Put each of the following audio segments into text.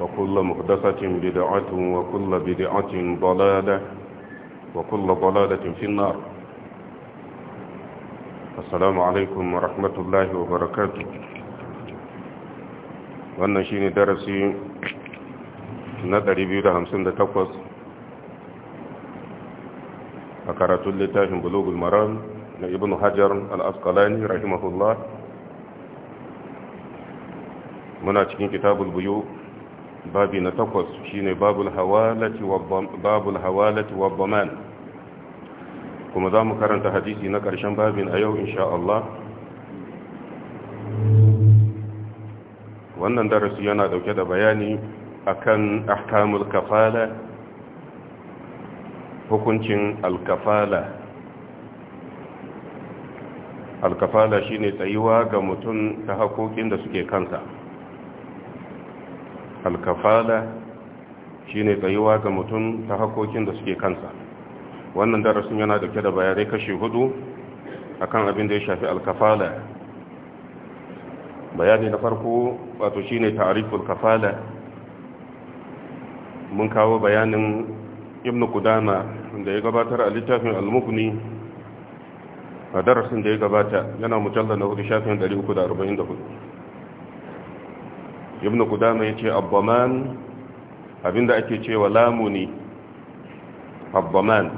وكل محدثة بدعة وكل بدعة ضلالة وكل ضلالة في النار السلام عليكم ورحمة الله وبركاته wannan shine darasi na 258 a karatun littafin bulugul maram na ibn hajar al-asqalani rahimahullah muna cikin kitabul biyu. babi na takwas shine babul wa babul hawalati wa baman kuma za mu karanta hadisi na ƙarshen babin a yau insha'Allah. wannan darasi yana dauke da bayani akan ahkamul kafala hukuncin alkafala alkafala shine tsayuwa ga mutum ta hakokin da suke kansa alkafala ne tsayuwa ga mutum ta hakokin da suke kansa wannan darasin yana dauke da bayarai kashe hudu kan abin da ya shafi alkafala bayani na farko wato shi ne ta'riful kafala mun kawo bayanin ibnu kudama da ya gabatar a littafin al a darasin da ya gabata yana mujallar na 4344 ibn kudama ya ce abbaman abinda ake cewa lamuni abbaman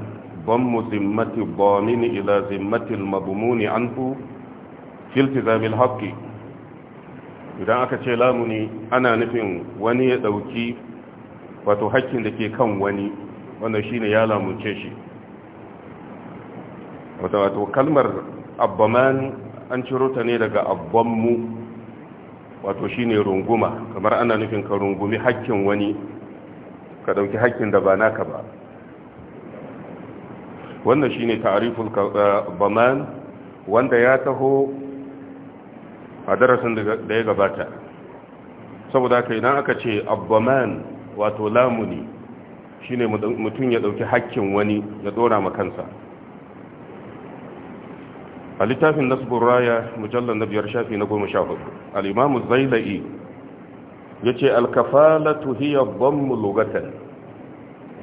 ضم ذمة الضامن إلى ذمة المضمون عنه في التزام الحق idan aka ce lamuni ana nufin wani ya ɗauki wato haƙƙin da ke kan wani wanda shine ne ya lamunce shi wato kalmar abbaman an ciro ta ne daga abbanmu wato shine runguma kamar ana nufin ka rungumi hakkin wani ka dauki hakkin da ba naka ba wannan shine ta'ariful baman eh, wanda ya taho a darasin da ya gabata saboda kai idan aka ce abbaman wato lamuni shine mutum ya ɗauki hakkin wani ya dora ma kansa a littafin nasbur raya mujallar na biyar shafi na goma sha hudu al'imamu zaila'i ya ce alkafala tuhiyar banmu lugatan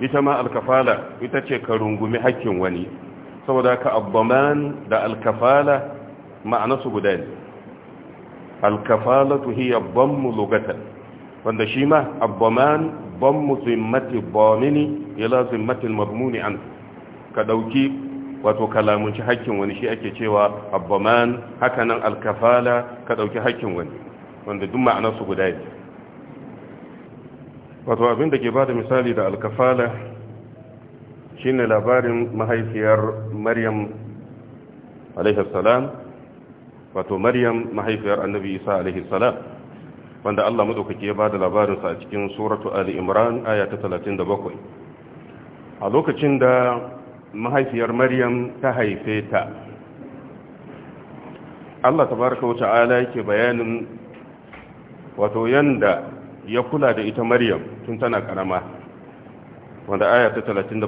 ita ma alkafala ita ce ka rungumi haƙƙin wani saboda ka abbaman da alkafala ma'ana su guda ne alkafala tuhiyar banmu lugatan wanda shi ma abbaman banmu zimmati bamini ila zimmatin mazmuni an ka ɗauki wato kalamunci hakkin wani shi ake cewa abbaman hakanan alkafala ka dauki hakkin wani wanda duk ma'anarsu guda ne wato abin da ke bada misali da alkafala shine labarin mahaifiyar maryam alaihi salam wato maryam mahaifiyar annabi isa alaihi salam wanda Allah madaukake ya ba da labarinsa a cikin suratu ali imran aya ta 37 a lokacin da mahaifiyar maryam ta haife ta Allah baraka wa ta'ala yake bayanin wato yanda ya kula da ita maryam tun tana karama wanda aya ta 37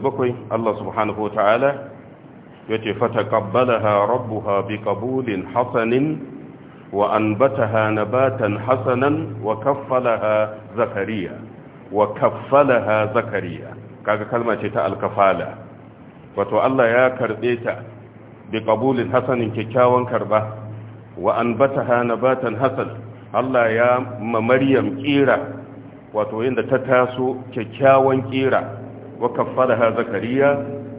Allah subhanahu wa ta'ala yace fataqabbalaha rabbuha biqabulin hasanin wa anbataha nabatan hasanan wa kaffalaha zakariya wa kaffalaha zakariya kaga kalma ce ta alkafala wato Allah ya karɓe ta bi qabulin hasanin kyakkyawan karba wa anbataha nabatan hasan Allah ya ma Maryam kira wato yadda ta taso kyakkyawan kira wa kaffalaha zakariya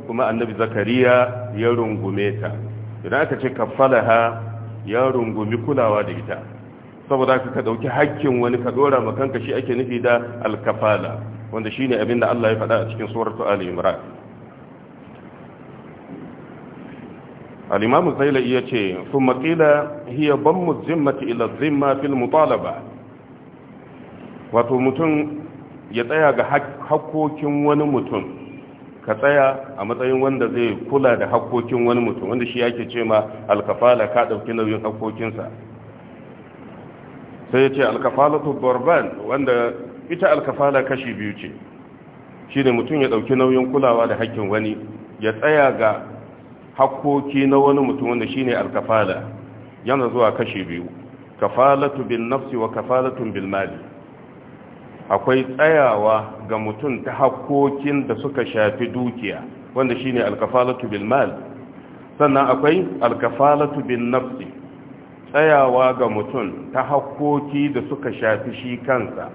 kuma annabi zakariya ya rungume ta idan aka ce kaffalaha ya rungumi kulawa da ita saboda ka ɗauki hakkin wani ka dora makanka shi ake nufi da alkafala wanda shine abin da Allah ya faɗa a cikin suratu Ali Imran alimamu imamu zailai ya ce sun matsila hiya banmu zimmati ila zimma fil mutalaba wato mutum ya tsaya ga hakkokin wani mutum ka tsaya a matsayin wanda zai kula da hakokin wani mutum wanda shi yake ce ma alkafala ka ɗauki nauyin hakokinsa sai ya ce alkafalatu borban wanda ita alkafala kashi biyu ce shi ne mutum ya ɗauki nauyin kulawa da hakkin wani ya tsaya ga hakkoki na wani mutum wanda shine alkafala yana zuwa kashi biyu kafalatu bin nafsi wa kafalatu bil mali akwai tsayawa ga mutum ta hakkokin da suka shafi dukiya wanda shine alkafalatu bil mal sannan akwai alkafalatu bin nafsi tsayawa ga mutum ta hakkoki da suka shafi shi kansa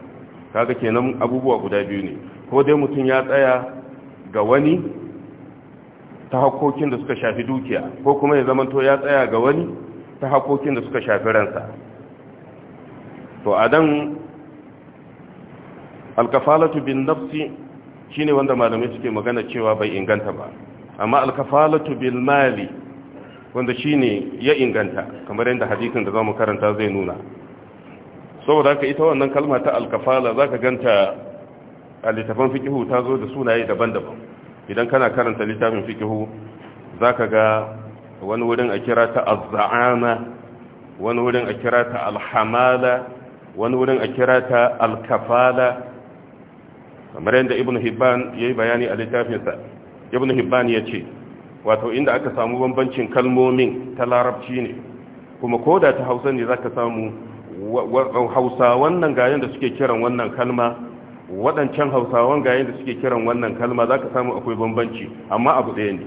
kaga kenan abubuwa guda biyu ne ko dai mutum ya tsaya ga wani ta hakokin da suka shafi dukiya ko kuma ya zamanto ya tsaya ga wani ta hakokin da suka shafi ransa to adan alkafalatu bin nafsi shine wanda malamai suke magana cewa bai inganta ba amma alkafalatu bil mali wanda shine ya inganta kamar yadda hadisin da zamu karanta zai nuna saboda haka ita wannan kalma ta alkafala zaka ganta a littafin fiqhu ta zo da sunaye daban-daban idan kana karanta littafin fikihu za ka ga wani wurin a kira ta azza'ana wani wurin a kira ta alhamala wani wurin a kira ta alkafala kamar yadda ibn hibban ya yi bayani a littafinsa ibn hibban ya ce wato inda aka samu bambancin kalmomin ta larabci ne kuma ko da ta hausa ne za ka samu hausa wannan gayen da suke kiran wannan kalma waɗancan hausawan ga da suke kiran wannan kalma za ka samu akwai bambanci amma abu ɗaya ne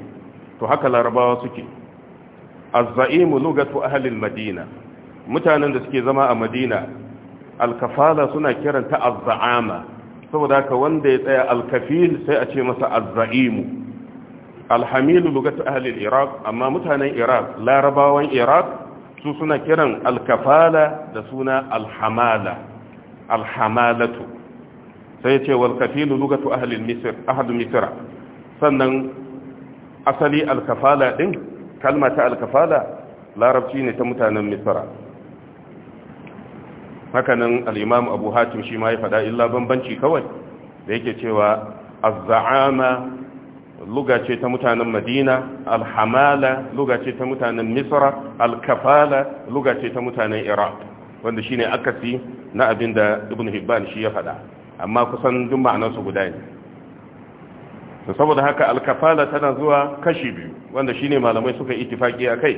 to haka larabawa suke azza'imu lugatu ahlil madina mutanen da suke zama a madina alkafala suna kiranta azza'ama saboda haka wanda ya tsaya alkafil sai a ce masa azza'imu alhamilu lugatu ahlil iraq amma mutanen iraq larabawan iraq su suna kiran alkafala da suna alhamala alhamalatu sai ce wal kafilu lugatu ahli misr ahadu misra sannan asali alkafala din kalma ta alkafala larabci ne ta mutanen misra hakanan al-imam abu hatim shi ma ya fada illa bambanci kawai da yake cewa az-za'ama luga ce ta mutanen madina al-hamala luga ce ta mutanen misra al-kafala luga ce ta mutanen iraq wanda shine akasi na abinda ibn hibban shi ya fada amma kusan duk ma'anarsu guda ne to saboda haka alkafala tana zuwa kashi biyu wanda shine malamai suka ittifaki a kai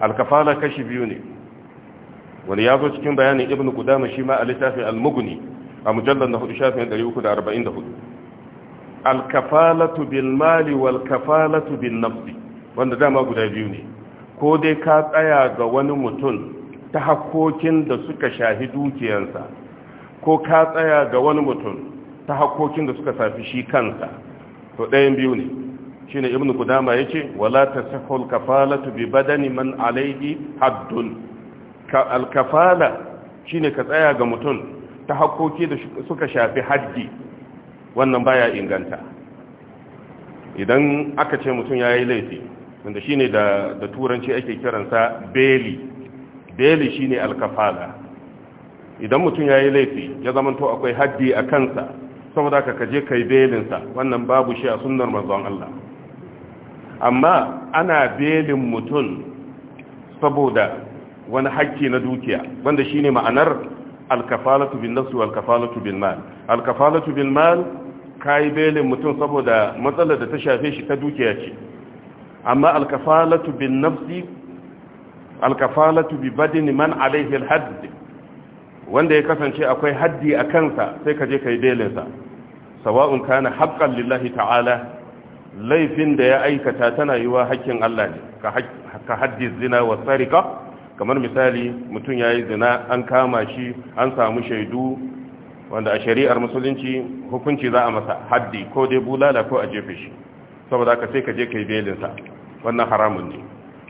alkafala kashi biyu ne wani ya zo cikin bayanin ibnu qudama shi ma a littafin al-mughni a mujallal na 344 alkafalatu bil mali wal kafalatu bin nafsi wanda dama guda biyu ne ko dai ka tsaya ga wani mutum ta hakokin da suka shahi dukiyarsa ko ka tsaya ga wani mutum ta hakokin da suka safi shi kansa to ɗayan biyu ne shi ne ibn kudama ya ce wala ta kafala tu bi badani man alaihi haddun alkafala shi ne ka tsaya ga mutum ta hakoki da suka shafi haddi wannan baya inganta idan aka ce mutum ya yi laifi wanda shi ne da turanci ake kiransa beli beli shi ne alkafala idan mutum ya yi laifi ya zamanto akwai haddi a kansa saboda ka kaje kai belinsa wannan babu shi a sunnar manzon Allah amma ana belin mutum saboda wani hakki na dukiya wanda shine ma'anar alkafalatu bin nafsi wal kafalatu mal alkafalatu bil mal belin mutum saboda matsalar da ta shafe shi ta dukiya ce amma alkafalatu bin nafsi alkafalatu bi badni man alaihi al hadd wanda ya kasance akwai haddi a kansa sai ka je ka yi belinsa sawa'un kana haƙƙan lillahi ta'ala laifin da ya aikata tana yi wa haƙƙin Allah ne ka haddi zina wa tsarika kamar misali mutum ya yi zina an kama shi an samu shaidu wanda a shari'ar musulunci hukunci za a masa haddi ko dai bulala ko a jefe shi saboda ka sai ka je ka yi belinsa wannan haramun ne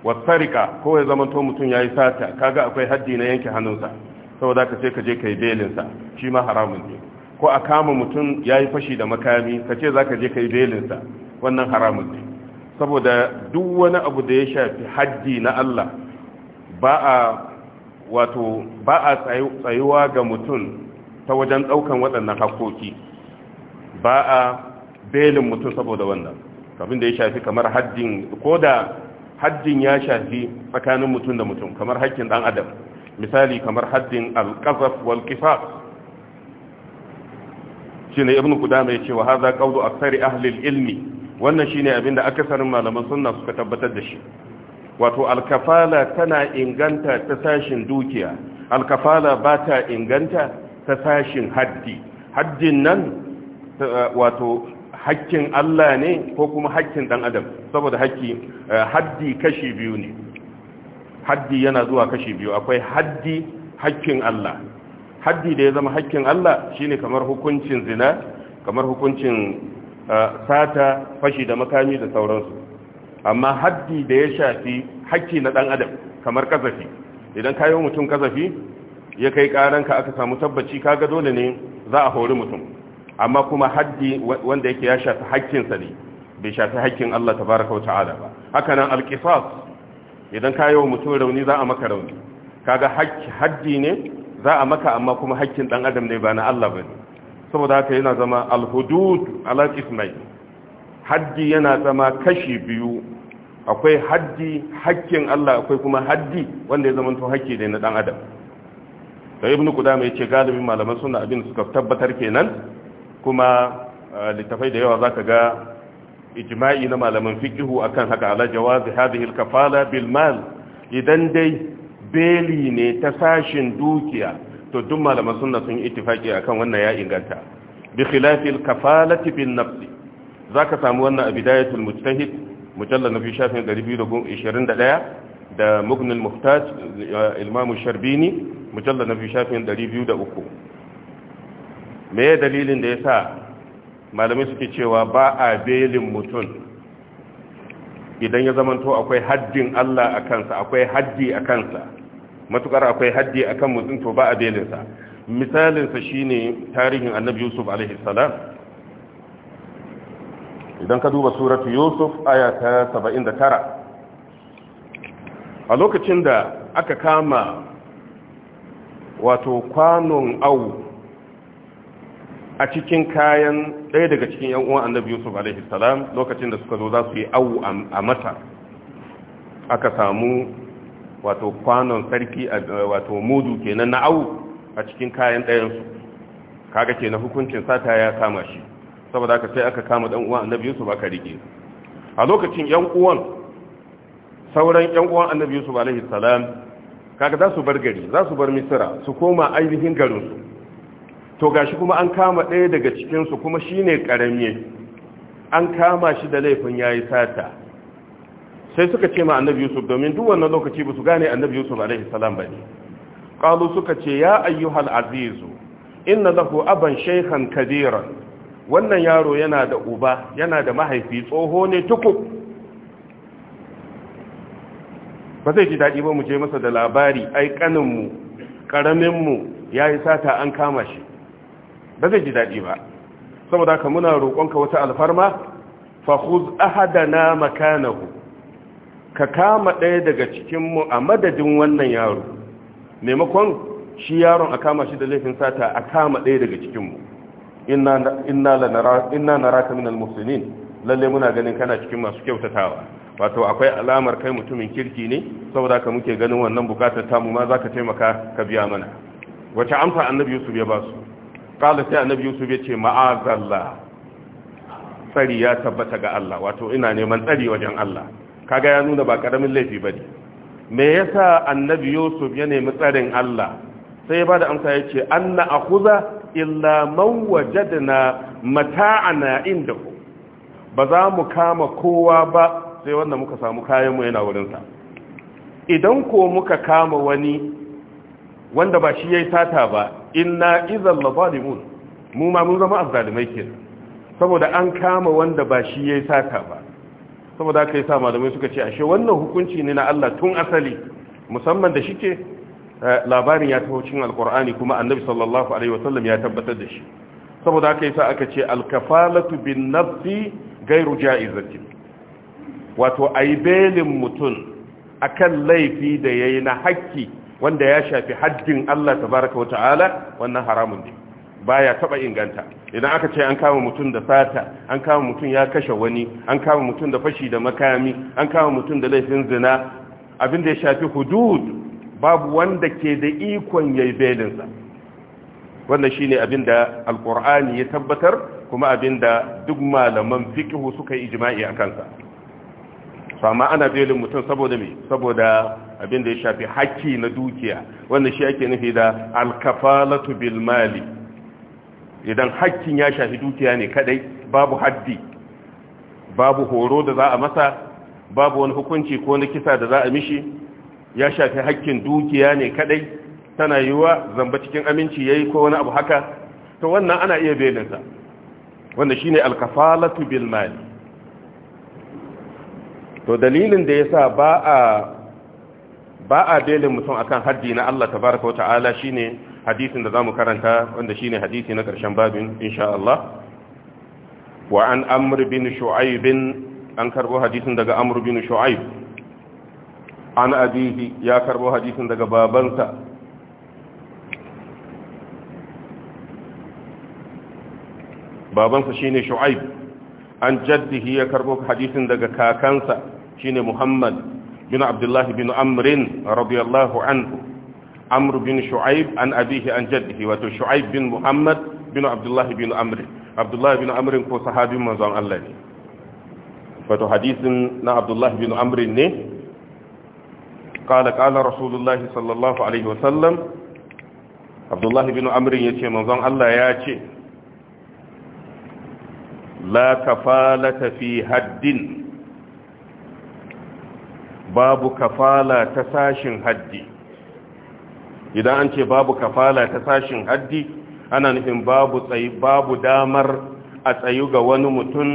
wa tsarika ko ya zama mutum ya yi sata kaga akwai haddi na yanke hannunsa saboda ka ce ka je ka yi belinsa shi ma haramun ne ko a kama mutum ya yi fashi da makami ka ce za ka je ka yi belinsa wannan haramun ne saboda duk wani abu da ya shafi haddi na Allah ba a wato ba a tsayuwa ga mutum ta wajen ɗaukan waɗannan hakoki ba a belin mutum saboda wannan abin da ya shafi kamar haddin ko da haddin ya shafi tsakanin mutum da mutum kamar haƙƙin ɗan adam misali kamar haddin alƙazaf wal kifas shine ibn cewa, yace wa hadha qawlu aktsari ahli ilmi wannan shine abinda akasarin malaman sunna suka tabbatar da shi wato alkafala tana inganta ta sashin dukiya alkafala ba ta inganta ta sashin haddi haddin nan eh, wato haƙƙin Allah ne ko kuma haƙƙin ɗan adam saboda haƙƙi eh, haddi kashi biyu ne haddi yana zuwa kashi biyu akwai haddi hakkin Allah haddi da ya zama hakkin Allah shine kamar hukuncin zina kamar hukuncin uh, sata fashi da makami da sauransu amma haddi da ya shafi hakki na dan adam kamar kazafi idan kayo mutum kazafi ya kai karanka aka samu tabbaci kaga dole ne za a hori mutum amma kuma haddi wanda yake ya shafi hakkinsa ne bai shafi hakkin Allah tabaraka wa ta'ala ba haka nan idan ka yi wa mutum rauni za a maka rauni kaga haddi ne za a maka amma kuma hakkin dan adam ne ba na Allah ne saboda haka yana zama alhudud hudud ala ismai haddi yana zama kashi biyu akwai haddi hakkin Allah akwai kuma haddi wanda ya zama to hakki ne na dan adam da ibnu kudama yace galibin malaman sunna abin suka tabbatar kenan kuma eh, littafai da yawa za ka ga ijma'i na malaman fiqihu akan haka ala jawazi hadhihi al-kafala bil mal idan dai beli ne ta sashin dukiya to duk malaman sunna sun ittifaki akan wannan ya inganta bi khilafi al-kafalati bin nafs zaka samu wannan a bidayatul mujtahid mujallal nabi shafin 221 da al muhtaj imam sharbini mujallar na biyu shafin 203 me dalilin da ya sa malamai suke cewa ba a belin mutum idan ya zamanto akwai haddin Allah a kansa akwai haddi a kansa matukar akwai haddi a kan mutum to ba a belinsa misalinsa shine tarihin annabi yusuf alaihi salam idan ka duba suratu yusuf aya ta 79 a lokacin da aka kama wato kwanon au a cikin kayan ɗaya daga cikin yan uwan annabi yusuf alaihi lokacin da suka zo za su yi awu a mata aka samu wato kwanon sarki wato mudu kenan na awu a cikin kayan ɗayansu kaga ke na hukuncin sata ya kama shi saboda aka sai aka kama ɗan uwan annabi yusuf aka rike a lokacin yan uwan sauran yan uwan annabi yusuf alaihi kaga za su bar gari za su bar misira su koma ainihin garinsu to gashi kuma an kama ɗaya daga cikinsu kuma shi ne ƙarami an kama shi da laifin ya yi sata sai suka ce ma annabi yusuf domin duk wannan lokaci ba su gane annabi yusuf laifin salam ba ne ƙalu suka ce ya ayyuhal azizu inna lahu aban shaikhan kabiran wannan yaro yana da uba yana da mahaifi tsoho ne tuku ba zai ji daɗi ba mu je masa da labari ai ƙaninmu ƙaraminmu ya yi sata an kama shi ba zai ji daɗi ba saboda ka muna roƙonka wata alfarma fa khuz ahadana makanahu ka kama ɗaya daga cikinmu a madadin wannan yaro maimakon shi yaron a kama shi da laifin sata a kama ɗaya daga cikinmu inna na raka min almusulmin lalle muna ganin kana cikin masu kyautatawa wato akwai alamar kai mutumin kirki ne saboda ka muke ganin wannan bukatar tamu ma za ka taimaka ka biya mana wace amsa annabi yusuf ya basu? kala sai annabi yusuf ya ce ma'azalla tsari ya tabbata ga Allah wato ina neman tsari wajen Allah kaga ya nuna ba karamin laifi bane me yasa annabi yusuf ya nemi tsarin Allah sai ya bada amsa ya ce anna akhuza illa man wajadna mata'ana indahu ba za mu kama kowa ba sai wanda muka samu kayan mu yana wurin sa idan ko muka kama wani wanda ba shi yi sata ba inna idhal lazalimun mu ma mun zama azzalimai kenan saboda an kama wanda ba shi yi sata ba saboda haka sa malamai suka ce ashe wannan hukunci ne na Allah tun asali musamman da shike eh, labarin ya taho cikin alqur'ani kuma annabi sallallahu alaihi wasallam ya tabbatar da shi saboda haka sa aka ce alkafalatu bin nafsi gairu ja'izatin wato aibelin mutum akan laifi da yayi na haƙƙi wanda ya shafi haddin Allah tabaraka wata'ala wannan haramun ne baya taba inganta idan aka ce an kama mutum da sata an kama mutum ya kashe wani an kama mutum da fashi da makami an kama mutum da laifin zina abin da ya shafi hudud babu wanda ke da ikon yayi belinsa wannan shine abin da alqur'ani ya tabbatar kuma abin da duk malaman fiqh suka yi ijma'i akan sa to amma ana belin mutum saboda me saboda abin da ya shafi haƙƙi na dukiya wanda shi ake nufi da alkafalatu bil mali idan haƙƙin ya shafi dukiya ne kadai babu haddi babu horo da za a masa babu wani hukunci ko na kisa da za a mishi ya shafi haƙƙin dukiya ne kadai tana yiwa zamba cikin aminci yayi ko wani abu haka to wannan ana iya belin sa wanda shine alkafalatu bil mali to dalilin da yasa ba a ba a belin mutum akan haddi na Allah tabaraka wata'ala shine hadisin da zamu karanta wanda shine hadisi na karshen babin insha Allah wa an amr bin shu'aib an karbo hadisin daga amr bin shu'aib an abihi ya karbo hadisin daga babansa babansa shine shu'aib an jaddihi ya karbo hadisin daga kakansa shine muhammad bin abdullahi bin amrin radiyallahu anhu Amru bin shu'aib an abihi an jaddihi wato shu'aib bin muhammad bin abdullahi bin amrin abdullahi bin amrin ko sahabin manzon Allah ne wato hadisin na abdullahi bin amrin ne قال قال رسول الله صلى الله عليه وسلم عبد الله بن عمرو يتي منزون الله ياتي لا كفالة في حد babu kafala ta sashin haddi idan an ce babu kafala ta sashin haddi ana nufin babu tsayi babu damar a tsayu ga wani mutum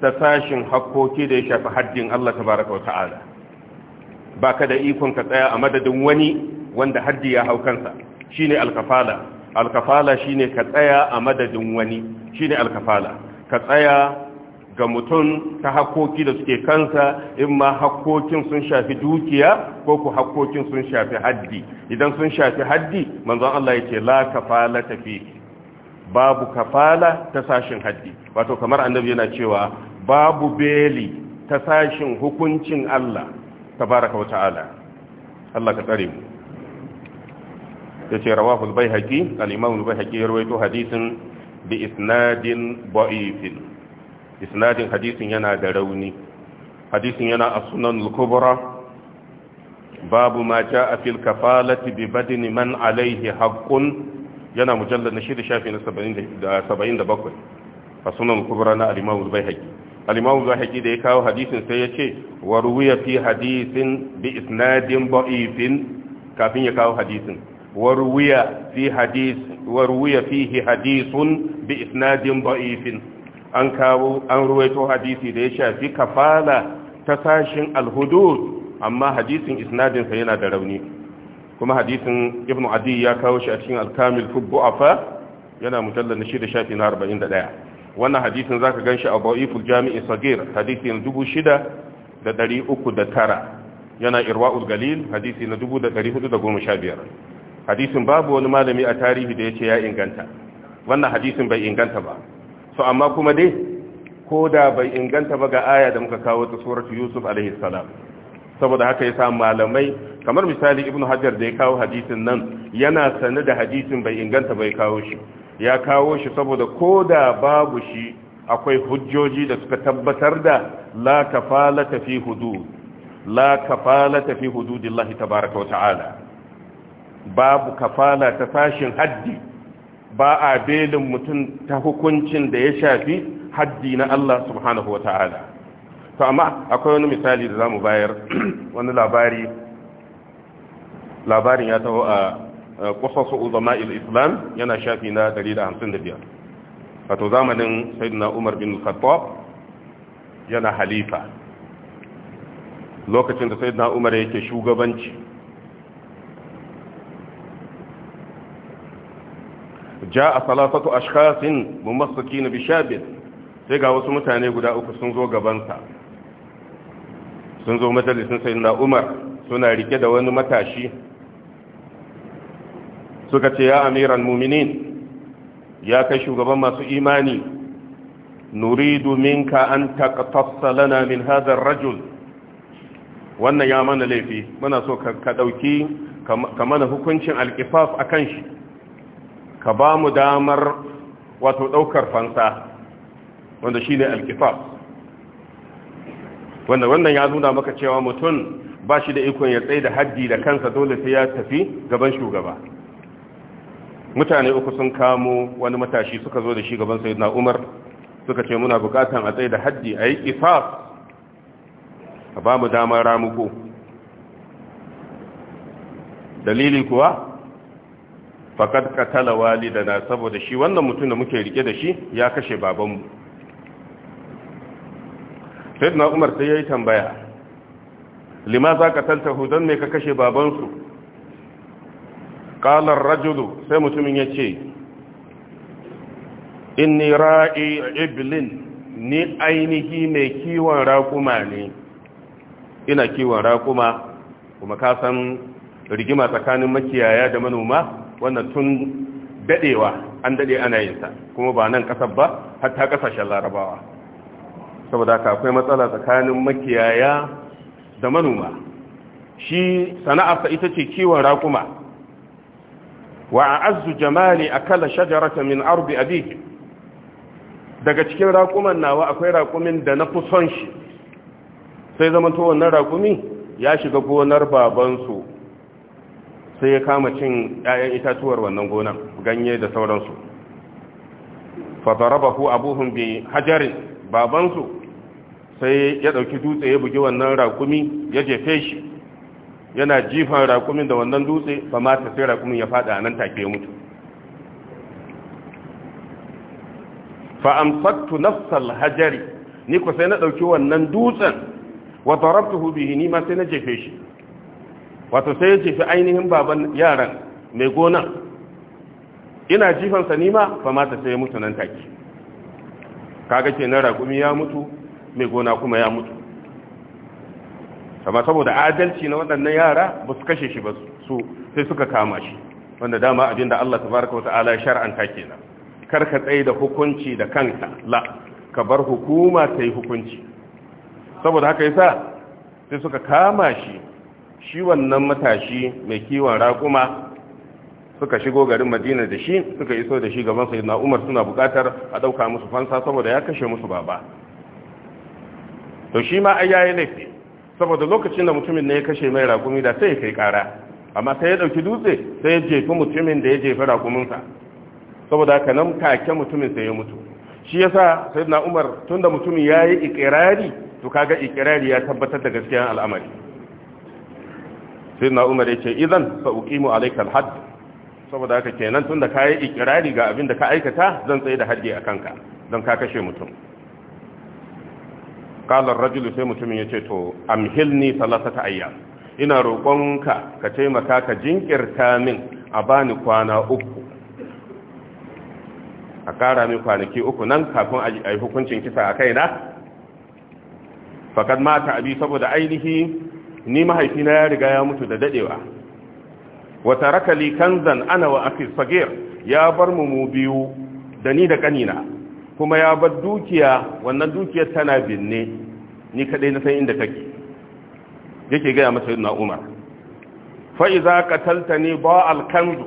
ta sashin hakkoki da ya shafi haddin Allah tabaraka wa Ba baka da ikon ka tsaya a madadin wani wanda haddi ya hau kansa shine alkafala alkafala shine ka tsaya a madadin wani shine alkafala ka tsaya ga mutum ta hakoki da suke kansa in ma hakokin sun shafi dukiya ko ku hakokin sun shafi haddi idan sun shafi haddi manzon Allah yake la kafala tafi babu kafala ta sashin haddi wato kamar annabi yana cewa babu beli ta sashin hukuncin Allah tabaraka wa ta'ala Allah ka tsare mu yace rawahu al-baihaqi al-imam al-baihaqi ya hadithin hadisin bi isnadin da'ifin isnadin hadisin yana da rauni hadisin yana a sunan lukubura kubra babu ma jaa fil kafalati bi badni man alayhi haqqun yana mujallad na shida shafi na 77 a sunan lukubura na al-imam al-baihaqi al-imam al-baihaqi da ya kawo hadisin sai ya ce wa ruwiya fi hadisin bi isnadin da'ifin kafin ya kawo hadisin warwiya fi hadis warwiya fihi hadisun bi isnadin da'ifin an kawo an ruwaito hadisi da ya shafi kafala ta sashin alhudud amma hadisin isnadinsa yana da rauni kuma hadisin ibnu adi ya kawo shi a cikin alkamil afa yana mujallar na shida shafi na arba'in da ɗaya wannan hadisin za ka gan shi a ba'iful jami'in sagir hadisi na dubu shida da ɗari uku da tara yana irwa'ul galil hadisi na dubu da ɗari hudu da goma sha biyar hadisin babu wani malami a tarihi da ya ce ya inganta wannan hadisin bai inganta ba to amma kuma dai ko da bai inganta ba ga aya da muka kawo ta suratu yusuf alaihi salam saboda haka yasa malamai kamar misali ibnu hajar da ya kawo hadisin nan yana sane da hadisin bai inganta bai kawo shi ya kawo shi saboda ko da babu shi akwai hujjoji da suka tabbatar da la kafalata fi hudud la kafalata fi hududillahi tabaaraka wa ta'ala babu kafala ta fashin haddi ba a belin mutum ta hukuncin da ya shafi haddi na Allah subhanahu wa ta'ala to amma akwai wani misali da za mu bayar wani labari labarin ya taho a kusursu uzama islam yana shafi na 155 wato zamanin sayyidina umar bin khattab yana halifa lokacin da sayyidina umar yake shugabanci Ja a salatatu ashkhasin mumassakin bi shabin sai ga wasu mutane guda uku sun zo gabansa sun zo majalisin na Umar suna rike da wani matashi suka ce ya amiran muminin ya kai shugaban masu imani nuridu minka an taqtassa lana min hadha rajul wannan ya mana laifi muna so ka ɗauki ka mana hukuncin a kan shi ka ba mu damar wato ɗaukar fansa wanda shi ne alkifaf wanda wannan ya nuna maka cewa mutum ba shi da ikon ya tsaye da haddi da kansa dole sai ya tafi gaban shugaba mutane uku sun kamo wani matashi suka zo da shi gaban na umar suka ce muna bukatan a tsaye da haddi a yi isaf a ba mu damar ramuku dalili kuwa faqad qatala walidana saboda shi wannan mutum da muke rike da shi ya kashe babanmu na umar sai yayi tambaya limaza qataltahu dan me ka kashe babansu Ƙalar ar-rajulu sai mutumin yace inni ra'i iblin ni ainihi mai kiwon raƙuma ne ina kiwon raƙuma kuma ka san rigima tsakanin makiyaya da manoma wannan tun dadewa an dade ana yin sa kuma ba nan kasar ba hatta kasashen larabawa saboda haka akwai matsala tsakanin makiyaya da manoma shi sana'arsa ita ce kiwon raƙuma wa a'azzu jamali akala shajarata min ardi abiki daga cikin raƙuman nawa akwai raƙumin da na fi shi sai zama to wannan raƙumi ya shiga gonar babansu sai ya kama cin 'ya'yan itatuwar wannan gona ganye da sauransu fadarabahu abuhum bi hajarin babansu sai ya ɗauki dutse ya bugi wannan rakumi ya jefe shi yana jifan rakumin da wannan dutse ba ta sai rakumin ya fada nan take mutu fa nafsal hajari ni ku sai na ɗauki wannan dutsen wata darabtuhu bihi ni ma sai na jefe shi wato sai ya jefi ainihin baban yaran mai gona ina jifansa nima ba mata sai ya mutu nan take kaga kenan ragumi ya mutu mai gona kuma ya mutu saboda adalci na waɗannan yara ba su kashe shi ba su sai suka kama shi wanda dama abin da Allah tabaraka wata ya shar'anta kenan kar ka tsaye da hukunci da kanka la ka bar hukuma ta yi hukunci saboda haka yasa sai suka kama shi shi wannan matashi mai kiwon raƙuma suka shigo garin madina da shi suka iso da shi gaban na umar suna buƙatar a ɗauka musu fansa saboda ya kashe musu baba to shi ma ai yayi laifi saboda lokacin da mutumin ne ya kashe mai raƙumi da sai ya kai ƙara amma sai ya ɗauki dutse sai ya jefi mutumin da ya jefi raƙuminsa saboda haka nan take mutumin sai ya mutu shi yasa sayyidina umar tunda mutumin yayi ikirari to kaga ikirari ya tabbatar da gaskiyar al'amari sai na umar ya ce idan fa uqimu alayka alhad saboda haka kenan tunda ka yi ikirari ga abin da ka aikata zan tsaye da haddi a kanka don ka kashe mutum kalar rajulu sai mutumin ya ce to amhilni salasata ayyam ina roƙonka ka taimaka ka jinkirta min a bani kwana uku a ƙara min kwanaki uku nan kafin a hukuncin kisa a kaina fakat mata abi saboda ainihi ni mahaifina ya riga ya mutu da dadewa wa taraka li kanzan ana wa akhi sagir ya bar mu mu biyu da ni da kanina kuma ya bar dukiya wannan dukiyar tana binne ni kadai na san inda take yake gaya masa na Umar fa idza qataltani ba al kanzu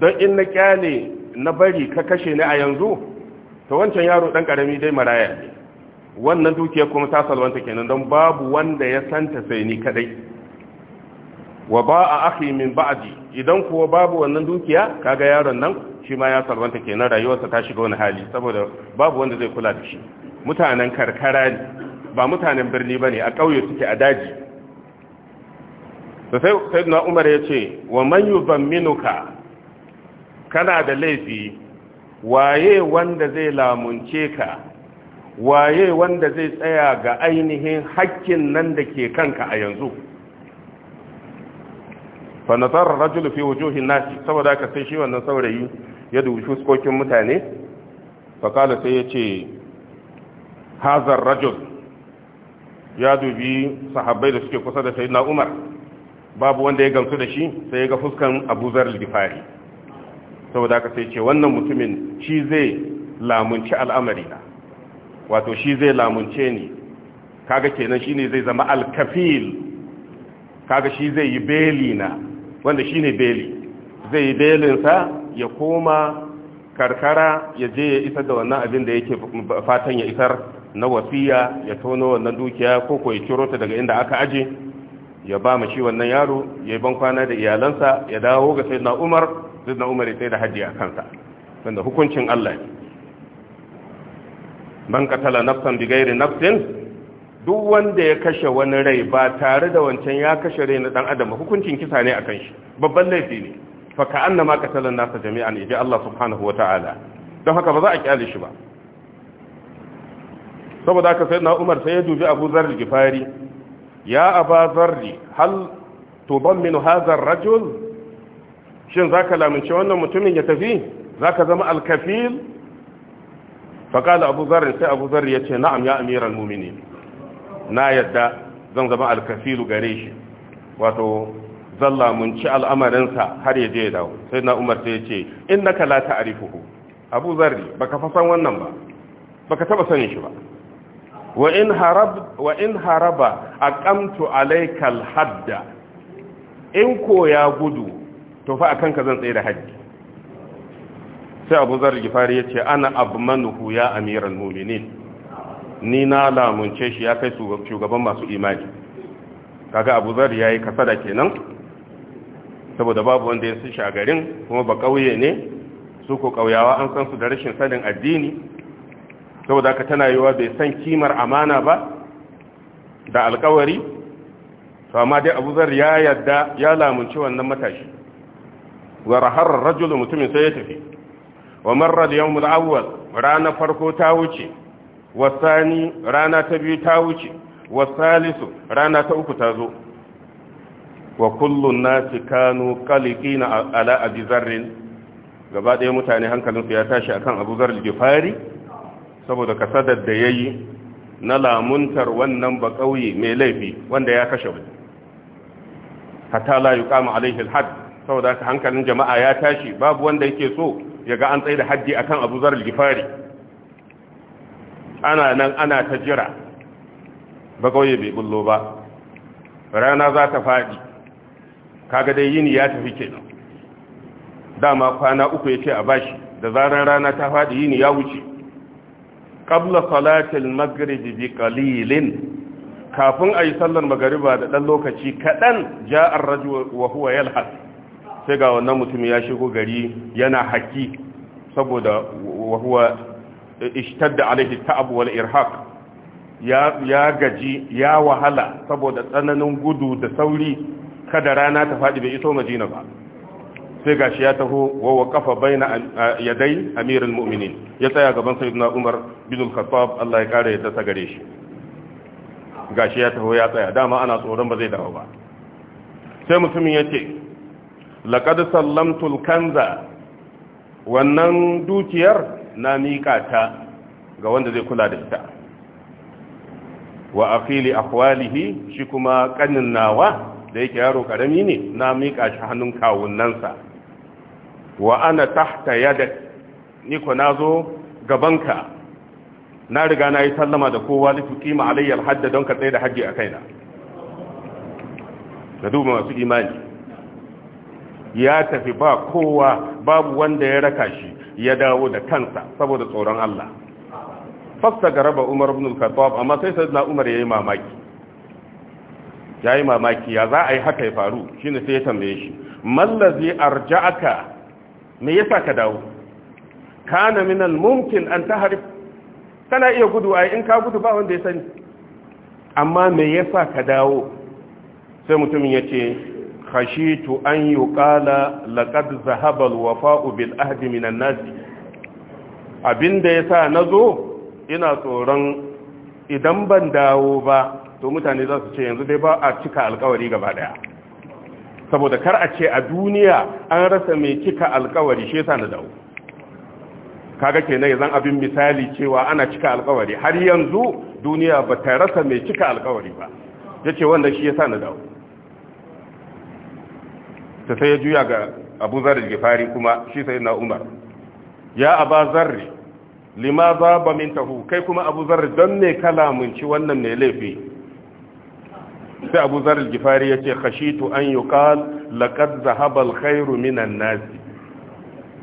don in na kyale na bari ka kashe ni a yanzu Ta wancan yaro dan karami dai maraya ne wannan dukiya kuma ta salwanta kenan don babu wanda ya santa sai ni kadai wa ba a akhi min ba'di idan kuwa babu wannan dukiya kaga yaron nan shi ma ya salwanta kenan rayuwarsa ta shiga wani hali saboda babu wanda zai kula da shi mutanen karkara ne ba mutanen birni bane a ƙauye suke a daji sai na Umar ya ce wa man yubamminuka kana da laifi waye wanda zai lamunce ka waye wanda zai tsaya ga ainihin hakkin nan da ke kanka a yanzu fa nazar rajul fi wujuhin nasi saboda ka sai shi wannan saurayi ya dubi fuskokin mutane fa sai ya ce hazar rajul ya dubi sahabbai da suke kusa da na umar babu wanda ya gamsu da shi sai ya ga fuskan abu zar saboda aka sai ce wannan mutumin shi zai lamunci al'amari na wato shi zai lamunce ni kaga kenan shine zai zama alkafil kaga shi zai yi beli na wanda shine beli zai yi belin sa ya koma karkara ya je ya isar da wannan abin da yake fatan ya isar na wasiya ya tono wannan dukiya ko ko ya kiro ta daga inda aka aje ya ba mu shi wannan yaro ya yi bankwana da iyalansa ya dawo ga sayyidina Umar sayyidina Umar ya sai da Hajji a kansa wanda hukuncin Allah ne man katala nafsan bi gairi nafsin duk wanda ya kashe wani rai ba tare da wancan ya kashe rai na dan adam hukuncin kisa ne akan shi babban laifi ne fa ka annama qatalan nasa jami'an ibi Allah subhanahu ta'ala don haka ba za a kyale shi ba saboda haka sayyidina Umar sai ya dubi Abu Zarr Gifari ya abu Zarr hal tudamminu hadha ar-rajul shin zaka lamunce wannan mutumin ya tafi zaka zama al-kafil faƙala abu zarri sai abu zarri ya ce na'am ya amiran mumini na yadda zan zama alkafilu gare shi wato zalla mun ci al'amarinsa har ya je dawo sai na umar sai ya ce in naka la ta'rifuhu abu zarri baka fa san wannan ba baka taba sanin shi ba wa in harab wa in haraba aqamtu hadda in ko ya gudu to fa akan ka zan tsaye da haddi sai abu zar gifari ya ce ana abmanuhu ya amiran muminin ni na lamunce shi ya kai shugaban masu imani kaga abu zar ya yi kasada kenan saboda babu wanda ya sun shagarin garin kuma ba ƙauye ne su ko ƙauyawa an san su da rashin sanin addini saboda ka tana yiwa bai san kimar amana ba da alkawari to amma dai abu zar ya yadda ya lamunci wannan matashi wa rahar rajulu mutumin sai ya tafi wa marar yawon awwal rana farko ta wuce wasani rana ta biyu ta wuce wasalisu rana ta uku ta zo wa kullun nasi kanu qalikina ala abi zarrin gaba ɗaya mutane hankalinsu ya tashi akan abu zarri fari saboda kasadar da yayi na lamuntar wannan ba kauye mai laifi wanda ya kashe wani hatta la yuqama alaihi alhad saboda hankalin jama'a ya tashi babu wanda yake so ya ga an tsaye da haddi a kan abu zarar gifari ana nan ana ta jira ba kauye bai bullo ba rana za ta faɗi kaga dai yini ya tafi kenan dama kwana uku ya ce a bashi da zarar rana ta faɗi yini ya wuce ƙabla salatul magribi bi qalilin kafin a yi sallar magariba da ɗan lokaci kaɗan ja'ar raju wa huwa yalhas sai ga wannan mutum ya shigo gari yana haki saboda wahuwa ishtadda alaihi ta'ab wal irhaq ya ya gaji ya wahala saboda tsananin gudu da sauri kada rana ta fadi bai iso madina ba sai gashi ya taho wa waqafa baina yaday amirul mu'minin ya tsaya gaban sayyidina umar bin al-khattab Allah ya kare ya ta gare shi gashi ya taho ya tsaya dama ana tsoron ba zai dawo ba sai mutumin yace laƙad sallamtul kanza wannan dukiyar na niƙa ta ga wanda zai kula da ita wa a fili akwalihi shi kuma ƙanin nawa da yake yaro ƙarami ne na miƙa shi hannun kawunansa wa ana tahta yada niko na zo gabanka na riga na yi sallama da kowa litu kima alayyar hadda don ka tsaye da hajji a kaina da duba masu imani ya tafi ba kowa babu wanda ya raka shi ya dawo da kansa saboda tsoron Allah fasta garaba Umar ibn al-Khattab amma sai da Umar yayi mamaki yayi mamaki ya za a yi haka ya faru shine sai ya tambaye shi mallazi arja'aka me yasa ka dawo kana min al-mumkin an tahrif kana iya gudu ai in ka gudu ba wanda ya sani amma me yasa ka dawo sai mutumin ya ce khashitu an yuqala laqad zahaba alwafa'u bil ahdi minan nas abinda sa nazo ina tsoron idan ban dawo ba to mutane za su ce yanzu dai ba a cika alkawari gaba daya saboda kar a ce a duniya an rasa mai cika alkawari shi sa na dawo kaga kenan zan abin misali cewa ana cika alkawari har yanzu duniya ba ta rasa mai cika alkawari ba ce wanda shi sa na dawo ta sai ya juya ga abu zarar gifari kuma shi sai na umar ya aba zarri lima ba min tahu kai kuma abu zarri don ne kalamunci wannan ne laifi sai abu zarar gifari ya ce khashitu an yi kal laƙad zahabal khairu minan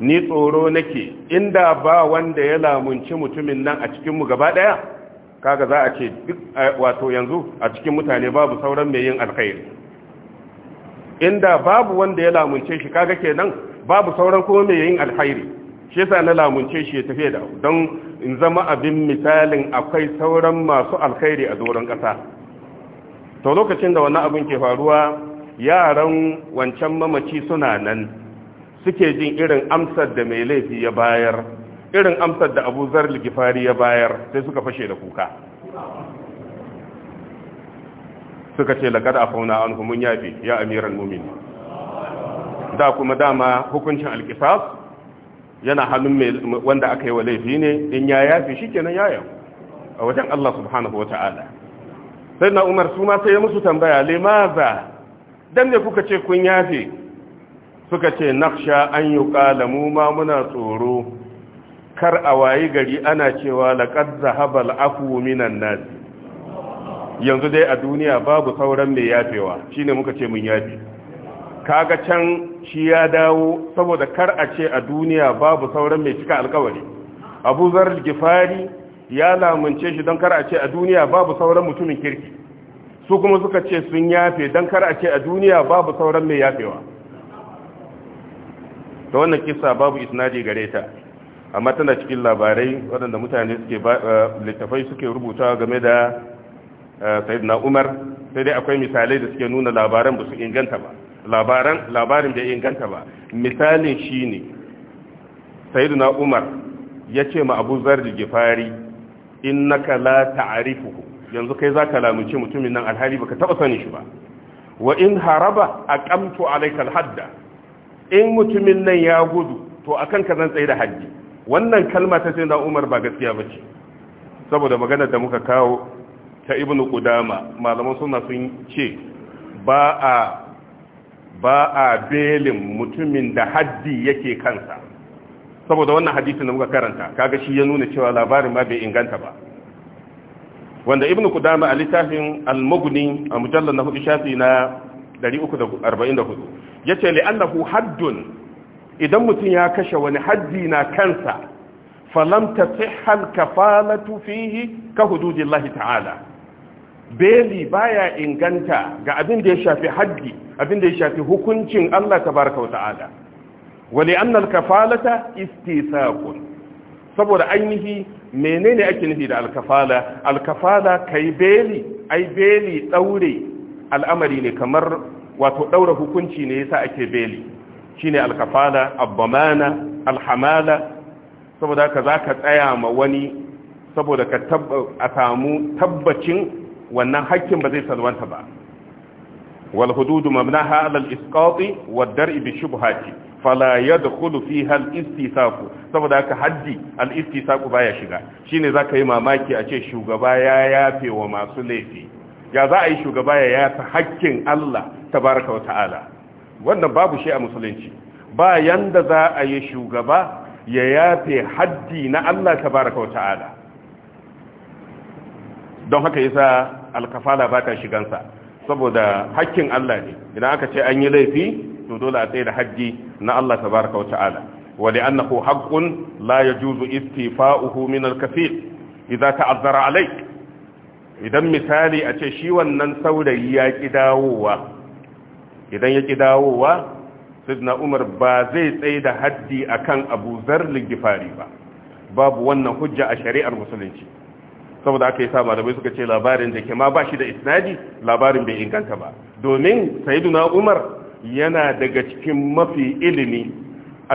ni tsoro nake inda ba wanda ya lamunci mutumin nan a cikinmu gaba ɗaya kaga za a ce duk wato yanzu a cikin mutane babu sauran mai yin alkhairi inda babu wanda ya lamunce shi kaga kenan babu sauran kuma mai yin alkhairi shi yasa na lamunce shi ya tafi da don in zama abin misalin akwai sauran masu alkhairi a doron ƙasa to lokacin da wannan abin ke faruwa yaran wancan mamaci suna nan suke jin irin amsar da mai laifi ya bayar irin amsar da abu zar ya bayar sai suka fashe da kuka suka ce fauna afauna anhu mun yafi ya amiran mu'minin da kuma dama hukuncin alqisas yana hannun mai wanda aka yi wa laifi ne in ya yafi shikenan ya yafi a wajen Allah subhanahu wataala sai na Umar su ma sai ya musu tambaya limaza dan ne kuka ce kun yafi suka ce naksha an yi mu ma muna tsoro kar a wayi gari ana cewa laqad zahabal afu minan nas yanzu dai a duniya babu sauran mai yafewa shine muka ce mun yafe kaga can shi ya dawo saboda kar a ce a duniya babu sauran mai cika alkawari abu zar gifari ya lamunce shi don kar a ce a duniya babu sauran mutumin kirki su kuma suka ce sun yafe don kar a ce a duniya babu sauran mai yafewa ta wannan kisa babu isnadi gare ta amma tana cikin labarai waɗanda mutane suke eh, littafai suke rubuta game da Eh, sayyidina umar sai dai akwai misalai da suke nuna labaran ba su inganta ba labaran labarin bai inganta ba misalin shine sayyidina umar ya ce ma abu zarri gifari innaka la ta'rifuhu yanzu kai zaka lamunci mutumin nan alhali baka taba sani shi ba wa in haraba aqamtu alayka alhadda in mutumin nan ya gudu to akan ka zan tsaye da haddi wannan kalma ta sayyidina umar ba gaskiya bace saboda maganar da muka kawo ta ibnu kudama malaman suna sun ce ba a ba a belin mutumin da haddi yake kansa saboda wannan hadisin da muka karanta kaga shi ya nuna cewa labarin ma bai inganta ba wanda ibnu kudama a littafin al-mughni a mujallal na hudu shafi na 344 yace li annahu haddun idan mutum ya kashe wani haddi na kansa falam tasihha kafalatu fihi ka hududillahi ta'ala beli baya inganta ga abin da ya shafi haddi abin da ya shafi hukuncin Allah tabaraka wa ta'ala wali annal kafalata istisaqun saboda ainihi menene ake nufi da alkafala alkafala kai beli ai beli daure al'amari ne kamar wato daura hukunci ne yasa ake beli shine alkafala abamana alhamala saboda ka zaka tsaya ma wani saboda ka a samu tabbacin wannan hakkin ba zai salwanta ba wal hududu mabnaha ala al isqati wad dar'i bi shubhati fala yadkhulu fiha al istisafu saboda haka haddi al istisafu baya shiga shine zaka yi mamaki a ce shugaba ya yafe wa masu laifi ya za a yi shugaba ya yafe hakkin Allah tabaraka wa ta'ala wannan babu shi a musulunci ba yanda za a yi shugaba ya yafe haddi na Allah tabaraka wa ta'ala don haka yasa alkafala ba ta shigansa saboda hakkin Allah ne idan aka ce an yi laifi to dole a tsaye da haji na Allah tabaraka wata'ala wa li'annahu haqqun la yajuzu istifa'uhu min al-kafil idza ta'azzara alayk idan misali a ce shi wannan saurayi ya ki dawowa idan ya ki dawowa sidna umar ba zai tsaye da haddi akan abu zar ligifari ba babu wannan hujja a shari'ar musulunci saboda aka yi sa malamai suka ce labarin da ke ma ba shi da isnadi labarin bai inganta ba domin sayiduna umar yana daga cikin mafi ilimi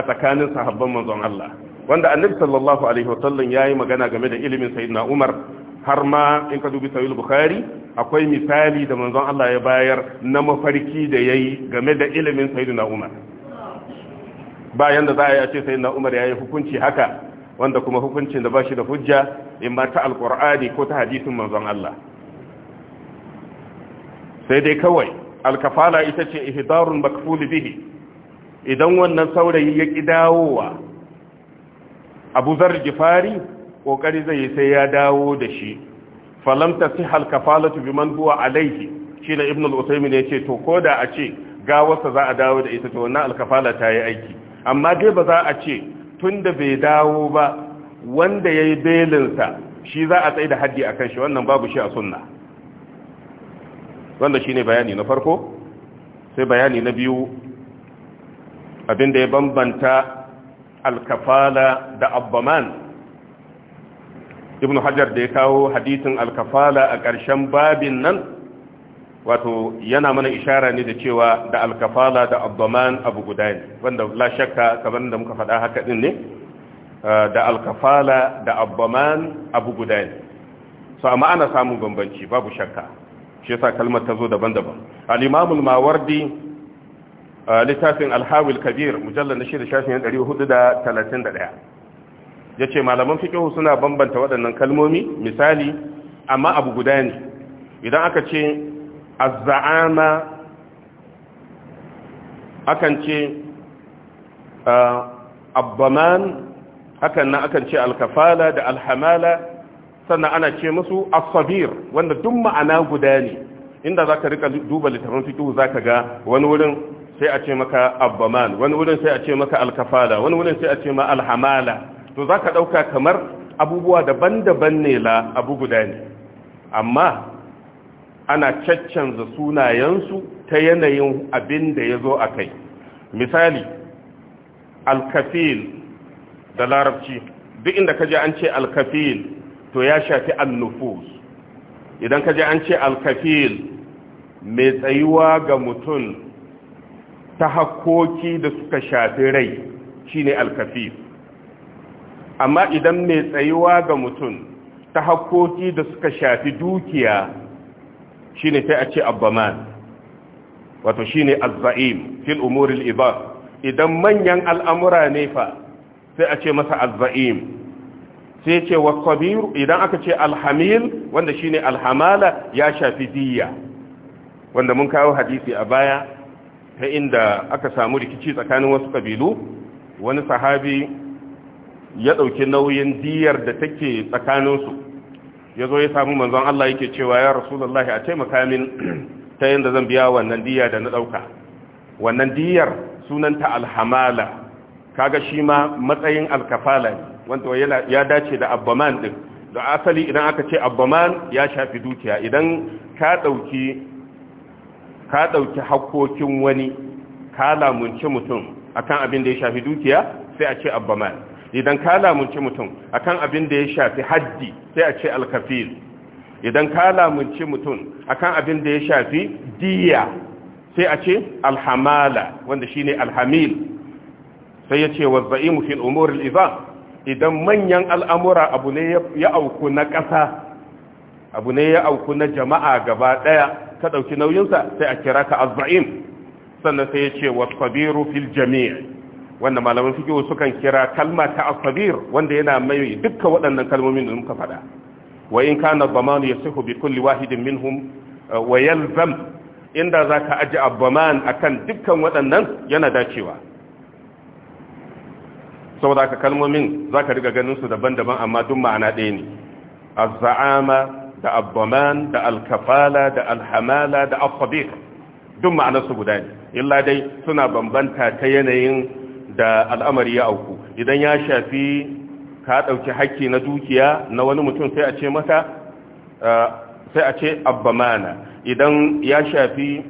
a tsakanin sahabban manzon Allah wanda annabi sallallahu alaihi wasallam yayi magana game da ilimin sayiduna umar har ma in ka dubi sahih bukhari akwai misali da manzon Allah ya bayar na mafarki da yayi game da ilimin sayiduna umar bayan da za a yi a ce Sayyidina umar yayi hukunci haka wanda kuma hukuncin da ba shi da hujja in ba ta alkur'ani ko ta hadisin manzon Allah sai dai kawai alkafala ita ce ihdarun makful bihi idan wannan saurayi ya ki dawowa Abu Zar Gifari kokari zai yi sai ya dawo da shi falam tasih alkafalatu biman huwa alayhi shine ibn al-usaymin yace to koda a ce gawarsa za a dawo da ita to wannan alkafala ta yi aiki amma dai ba za a ce tun da bai dawo ba wanda ya yi belinsa shi za a tsaye da haddi a kan shi wannan babu shi a sunna wanda shi ne bayani na farko sai bayani na biyu abinda ya bambanta alkafala da abbaman ibn hajar da ya kawo hadisin alkafala a ƙarshen babin nan wato yana mana ishara ne da cewa da alkafala da abdoman abu guda ne wanda la shakka kamar da muka faɗa haka ɗin ne uh, da alkafala da abdoman abu guda ne so amma ana samun bambanci babu shakka shi yasa kalmar ta zo daban-daban al-imamul mawardi uh, littafin alhawil kabir mujallar na shida shafin 431 ya ce malaman fikihu suna bambanta waɗannan kalmomi misali amma abu guda ne idan aka ce azza'ama akan ce abbaman hakan na akan ce alkafala da alhamala sannan ana ce musu asabir wanda duk ma'ana guda ne inda za ka rika duba littafin za ka ga wani wurin sai a ce maka abbaman wani wurin sai a ce maka alkafala wani wurin sai a ce ma alhamala to za ka ɗauka kamar abubuwa daban-daban ne la abu guda ne amma ana caccanza sunayensu ta yanayin abin da ya zo a kai misali alkafil da larabci duk inda kaje an ce alkafil to ya shafi annufus idan kaje an ce alkafil mai tsayuwa ga mutum ta hakoki da suka shafi rai shine alkafil amma idan mai tsayuwa ga mutum ta hakkoki da suka shafi dukiya shine sai a ce abbaman wato shine azza'im fil umuril ibad idan manyan al'amura ne fa sai a ce masa azza'im sai ce wa Kabiru idan aka ce alhamil wanda shine alhamala ya shafi diyya wanda mun kawo hadisi a baya ta inda aka samu rikici tsakanin wasu kabilu wani sahabi ya ɗauki nauyin diyar da take tsakaninsu ya zo ya samu manzon Allah yake cewa ya rasulullahi a taimaka min ta yadda zan biya wannan diya da na ɗauka wannan diyar sunanta alhamala kaga shi ma matsayin alkafala ne wanda ya dace da abbaman din da asali idan aka ce abbaman ya shafi dukiya idan ka ɗauki ka ɗauki hakkokin wani ka lamunci mutum akan abin da ya shafi dukiya sai a ce abbaman idan ka lamunci mutum akan abin da ya shafi haddi sai a ce alkafil idan ka lamunci mutum akan abin da ya shafi diya sai a ce alhamala wanda shine alhamil sai ya ce wazza'imu fil umuril izam idan manyan al'amura abu ne ya auku na ƙasa abu ne ya auku na jama'a gaba ɗaya ka ɗauki nauyinsa sai a kira ka azza'im sannan sai ya ce wasu fil jami'i wanda malaman fiqh sukan kira kalma ta asabir wanda yana mai dukkan waɗannan kalmomin da muka faɗa wa in kana dhamanu yasihu bi kulli wahidin minhum uh, wa yalzam inda zaka aji abbaman akan dukkan waɗannan yana dacewa saboda ka kalmomin zaka riga ganin su daban-daban amma duk ma'ana ɗaya ne az-za'ama da Abaman da al-kafala da al-hamala da as duk ma'anar su guda ne illa dai suna bambanta ta yanayin da al'amari ya auku idan ya shafi ka ɗauki haƙƙi na dukiya na wani mutum sai a ce sai a ce abbamana idan ya shafi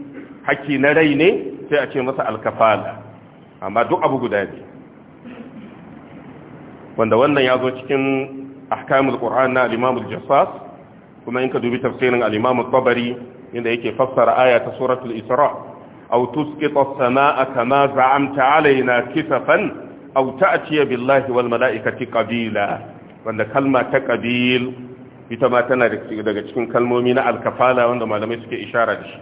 hakki na rai ne sai a ce masa alkafala amma duk abu guda ne wanda wannan ya zo cikin ahkamul qur'an na al-imam jassas kuma in ka dubi tafsirin al-imam tabari inda yake fassara aya ta suratul isra aw tusqita as-samaa'a kama za'amta alaina kisafan aw ta'tiya billahi wal mala'ikati qabila wanda kalma ta qabil ita ma tana daga cikin kalmomi na alkafala wanda malamai suke ishara da shi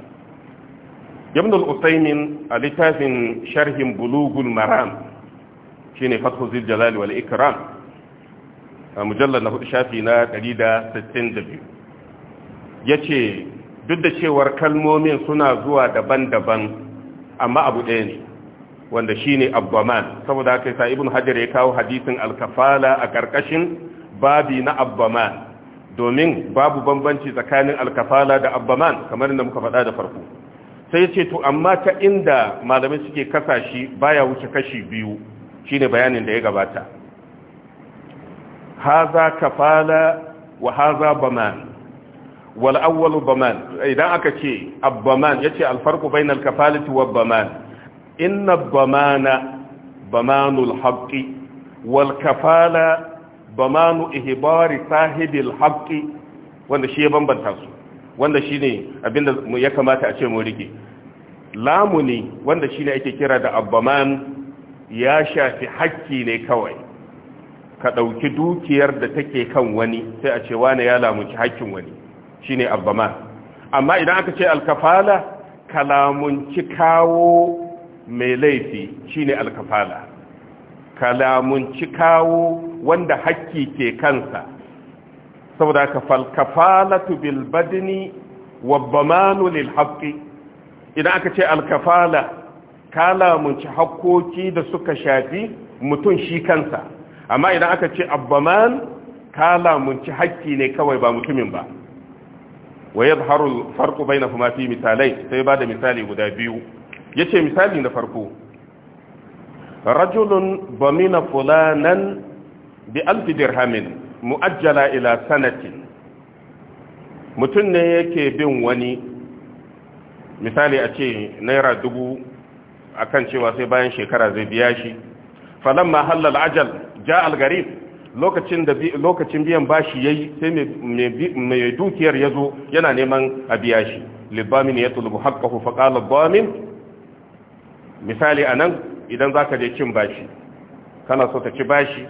ibn Usainin a littafin sharhin bulugul maram shine fathu zil jalal wal ikram a mujallar na hudu shafi na 162 yace duk da cewar kalmomin suna zuwa daban-daban amma abu ɗaya ne wanda shi shine abbaman saboda haka sa ibn hajar ya kawo hadisin alkafala a ƙarƙashin babi na abbaman domin babu bambanci tsakanin alkafala da abbaman kamar inda muka faɗa da farko sai ce to amma ta inda malamai suke kasa shi baya wuce kashi biyu shine bayanin da ya gabata haza kafala wa haza baman wal awwalu baman idan aka ce abbaman yace al farqu bainal kafalati wa baman inna bamana bamanul haqqi wal kafala bamanu ihbari sahibil haqqi wanda shi ya bambanta su wanda shine abinda ya kamata a ce mu rige lamuni wanda shine ake kira da abbaman ya shafi haƙƙi ne kawai ka ɗauki dukiyar da take kan wani sai a ce wane ya lamunci haƙƙin wani ne abbaman amma idan aka ce alkafala kalamunci kawo mai laifi ne alkafala kalamunci kawo wanda hakki ke kansa saboda ka falkafalatu bil badni wabbamanu lil idan aka ce alkafala kalamunci hakkoki da suka shafi mutum shi kansa amma idan aka ce abbaman kalamunci hakki ne kawai ba mutumin ba wa yadhharu al-farqu bainahuma fi misalai sai ba da misali guda biyu yace misali na farko rajulun bamina fulanan bi alf dirhamin mu'ajjala ila sanatin mutum ne yake bin wani misali a ce naira dubu akan cewa sai bayan shekara zai biya shi falamma halal ajal ja al-garib lokacin da lokacin biyan bashi yayi sai mai dukiyar ya zo yana neman a biya shi libamin ya tulubu fa qala dhamin misali anan, idan za ka je cin bashi kana so ka ci bashi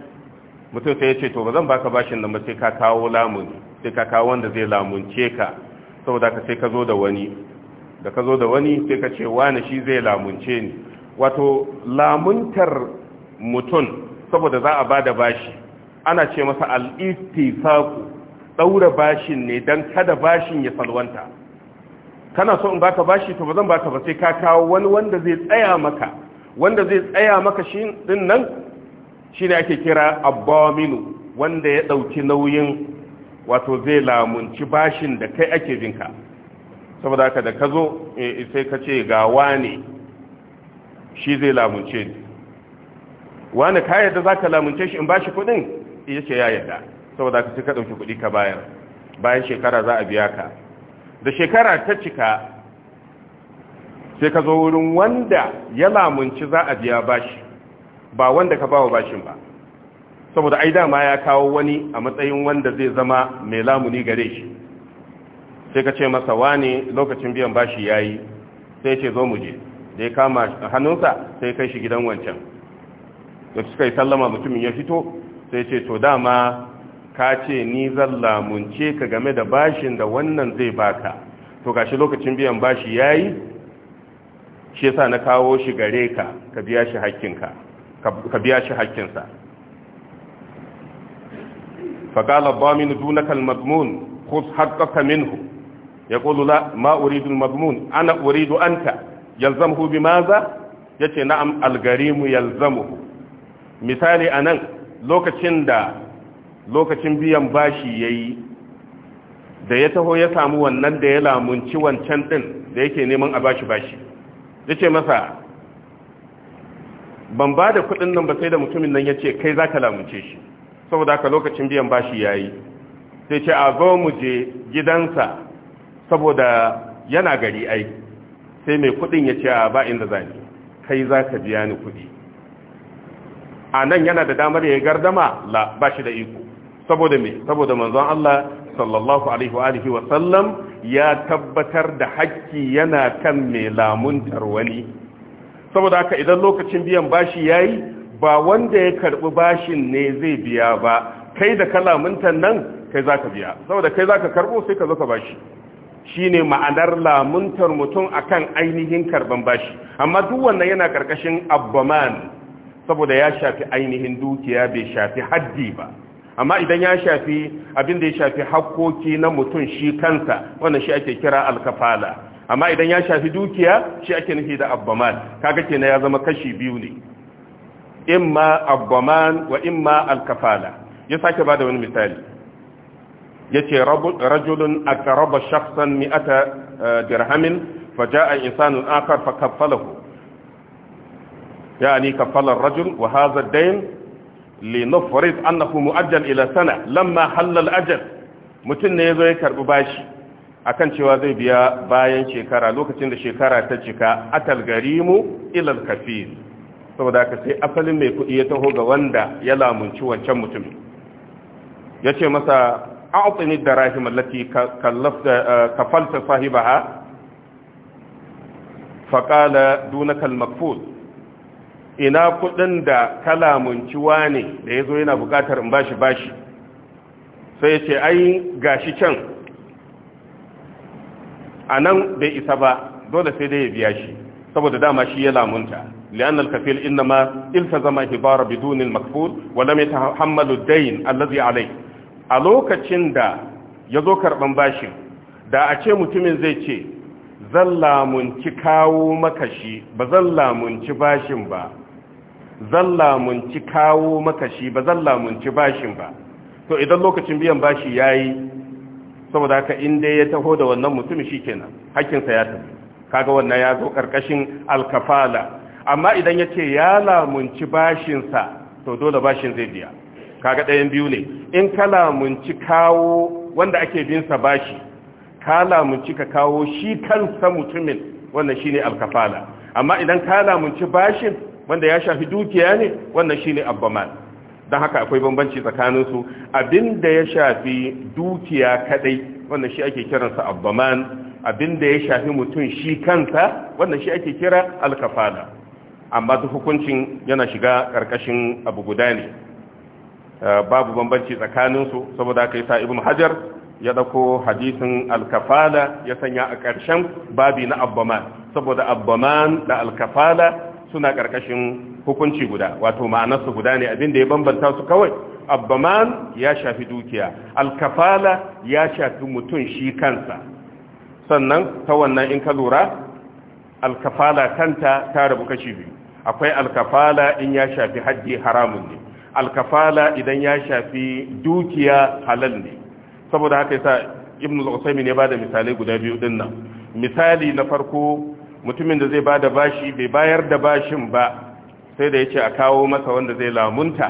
mutum sai ya ce to ba zan baka bashin nan ba sai ka kawo lamuni sai ka kawo wanda zai lamunce ka saboda ka sai ka zo da wani da ka zo da wani sai ka ce wani shi zai lamunce ni wato lamuntar mutum saboda za a ba da bashi ana ce masa al-ittifaqu daura bashin ne dan kada bashin ya salwanta kana so in baka bashi to bazan baka ba sai ka kawo wani wanda zai tsaya maka wanda zai tsaya maka shi din nan shine ake kira abaminu wanda ya dauki nauyin wato zai lamunci bashin da kai ake jinka. saboda haka da ka zo eh, sai ka ce ga wane shi zai lamunce ni wani ka da za ka lamunce shi in bashi kudin ya ya yadda saboda ka sai ka ɗauki kuɗi ka bayar bayan shekara za a biya ka da shekara ta cika sai ka zo wurin wanda ya lamunci za a biya bashi ba wanda ka bawa bashin ba saboda ai dama ya kawo wani a matsayin wanda zai zama mai lamuni gare shi sai ka ce masa wane lokacin biyan bashi yayi sai ce zo mu je da ya kama hannunsa sai kai shi gidan wancan da suka yi sallama mutumin ya fito sai ce to dama ka ce ni zan lamunce ka game da bashin da wannan zai baka to gashi lokacin biyan bashi yayi shi yasa na kawo shi gare ka ka biya shi hakkinka ka biya shi hakkinsa faqala dhamin dunaka almadmun khudh haqqaka minhu yaqulu la ma uridu almadmun ana uridu anta yalzamuhu bimaza yace na'am algarimu yalzamuhu misali anan lokacin da lokacin biyan bashi ya yi da ya taho ya samu wannan da ya lamunci wancan ɗin da yake neman a bashi bashi ya ce masa ban ba da kuɗin nan ba sai da mutumin nan ya ce kai za ka lamunce shi saboda haka lokacin biyan bashi ya yi sai ce a zo mu je gidansa saboda yana gari ai sai mai kuɗin ya ce a ba inda za ni kai za ka biya ni kuɗi a nan yana da damar ya gardama la ba shi da iko saboda me saboda manzon Allah sallallahu alaihi wa alihi wa sallam ya tabbatar da hakki yana kan mai lamuntar wani saboda haka idan lokacin biyan bashi yayi ba wanda ya karbi bashin ne zai biya ba kai da kalamuntan nan kai zaka biya saboda kai zaka karbo sai ka zo ka bashi shine ma'anar lamuntar mutum akan ainihin karban bashi amma duk wannan yana karkashin abbaman saboda ya shafi ainihin dukiya bai shafi haddi ba amma idan ya shafi abin da ya shafi hakkoki na mutum shi kansa wanda shi ake kira alkafala amma idan ya shafi dukiya shi ake nufi da abbaman kaga kenan ya zama kashi biyu ne imma abbaman wa imma alkafala ya sake bada wani misali yace rajulun aqraba shakhsan mi'ata eh, dirhamin faja'a insanun akhar fakaffalahu kafalar يعني كفل الرجل وهذا الدين لنفرض أنه مؤجل إلى سنة لما حل الأجل متن يزوي كربباشي akan cewa zai biya bayan shekara lokacin da shekara ta cika atal garimu ilal kafil saboda ka sai asalin mai kuɗi ya taho ga wanda ya lamunci wancan mutumin ya ce masa a'utini da allati kafalta sahibaha faqala dunaka al-makful ina kudin da lamunciwa ne da ya zo yana bukatar in bashi bashi sai ce ai gashi can a nan bai isa ba dole sai dai ya biya shi saboda dama shi ya lamunta li'an al-kafil innama iltazama hibara biduni al-makful wa lam yatahammalu ad-dayn alladhi alayhi a lokacin da ya zo karban bashin da a ce mutumin zai ce zan lamunci kawo maka shi ba zan lamunci bashin ba zan lamunci kawo maka shi ba zan lamunci bashin ba to idan lokacin biyan bashi yayi saboda haka in dai ya taho da wannan mutum kenan, hakkinsa ya tafi kaga wannan ya zo karkashin alkafala amma idan ya ce ya lamunci bashinsa to dole bashin zai biya kaga ɗayan biyu ne in ka lamunci kawo wanda ake binsa bashi ka lamunci ka kawo shi kansa mutumin wannan shine alkafala amma idan ka lamunci bashin wanda ya shafi dukiya ne wannan shine abbaman don haka akwai bambanci tsakanin su abinda ya shafi dukiya kadai wannan shi ake kiransa abbaman abinda ya shafi mutum shi kansa wannan shi ake kira alkafala amma duk hukuncin yana shiga karkashin abu guda ne eh, babu bambanci tsakanin su saboda haka yasa ibnu hajar ya dako hadisin alkafala ya sanya a ƙarshen babi na abbaman saboda abbaman da alkafala suna ƙarƙashin hukunci guda wato ma'anarsu guda ne abin da ya bambanta su kawai abbaman ya shafi dukiya alkafala ya shafi mutum shi kansa sannan ta wannan in ka lura alkafala kanta ta rabu kashi biyu akwai alkafala in ya shafi haddi haramun ne alkafala idan ya shafi dukiya halal ne saboda haka yasa ibnu al-usaymin ya bada misalai guda biyu dinnan misali na farko mutumin da zai bada bashi bai bayar da bashin ba sai da yace a kawo masa wanda zai lamunta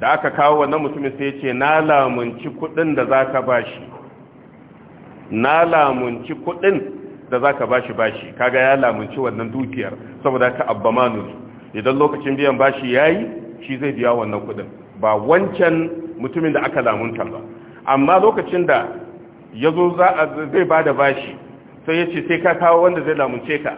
da aka kawo wannan mutumin sai yace na lamunci kudin da zaka bashi na lamunci kudin da zaka bashi bashi kaga ya lamunci wannan dukiyar saboda ka abbamanu idan lokacin biyan bashi yayi shi zai biya wannan kudin ba wancan mutumin da aka lamunta ba amma lokacin da yazo za zai bada bashi sai ya ce sai ka kawo wanda zai lamunce ka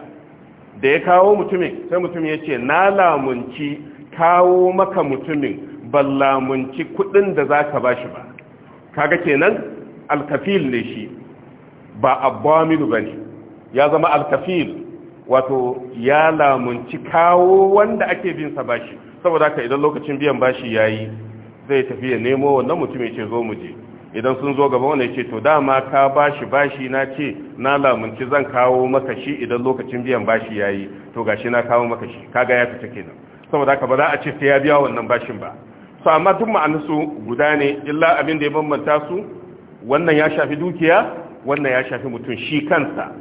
da ya kawo mutumin sai mutumin ya ce na lamunci kawo maka mutumin ban lamunci kudin da za ka ba shi ba kaga kenan alkafil ne shi ba abamilu ba ne ya zama alkafil wato ya lamunci kawo wanda ake bin sa shi saboda haka idan lokacin biyan ba shi ya yi zai tafi ya nemo wannan mutumin ya ce zo mu je idan sun zo gaba wanda ce to dama ka bashi bashi na ce na lamunci zan kawo maka shi idan lokacin biyan bashi ya yi to gashi na kawo maka shi kaga ya fita kenan saboda haka ba za a ce sai ya biya wannan bashin ba so amma duk su guda ne illa abin da ya bambanta su wannan ya shafi dukiya wannan ya shafi mutum shi kansa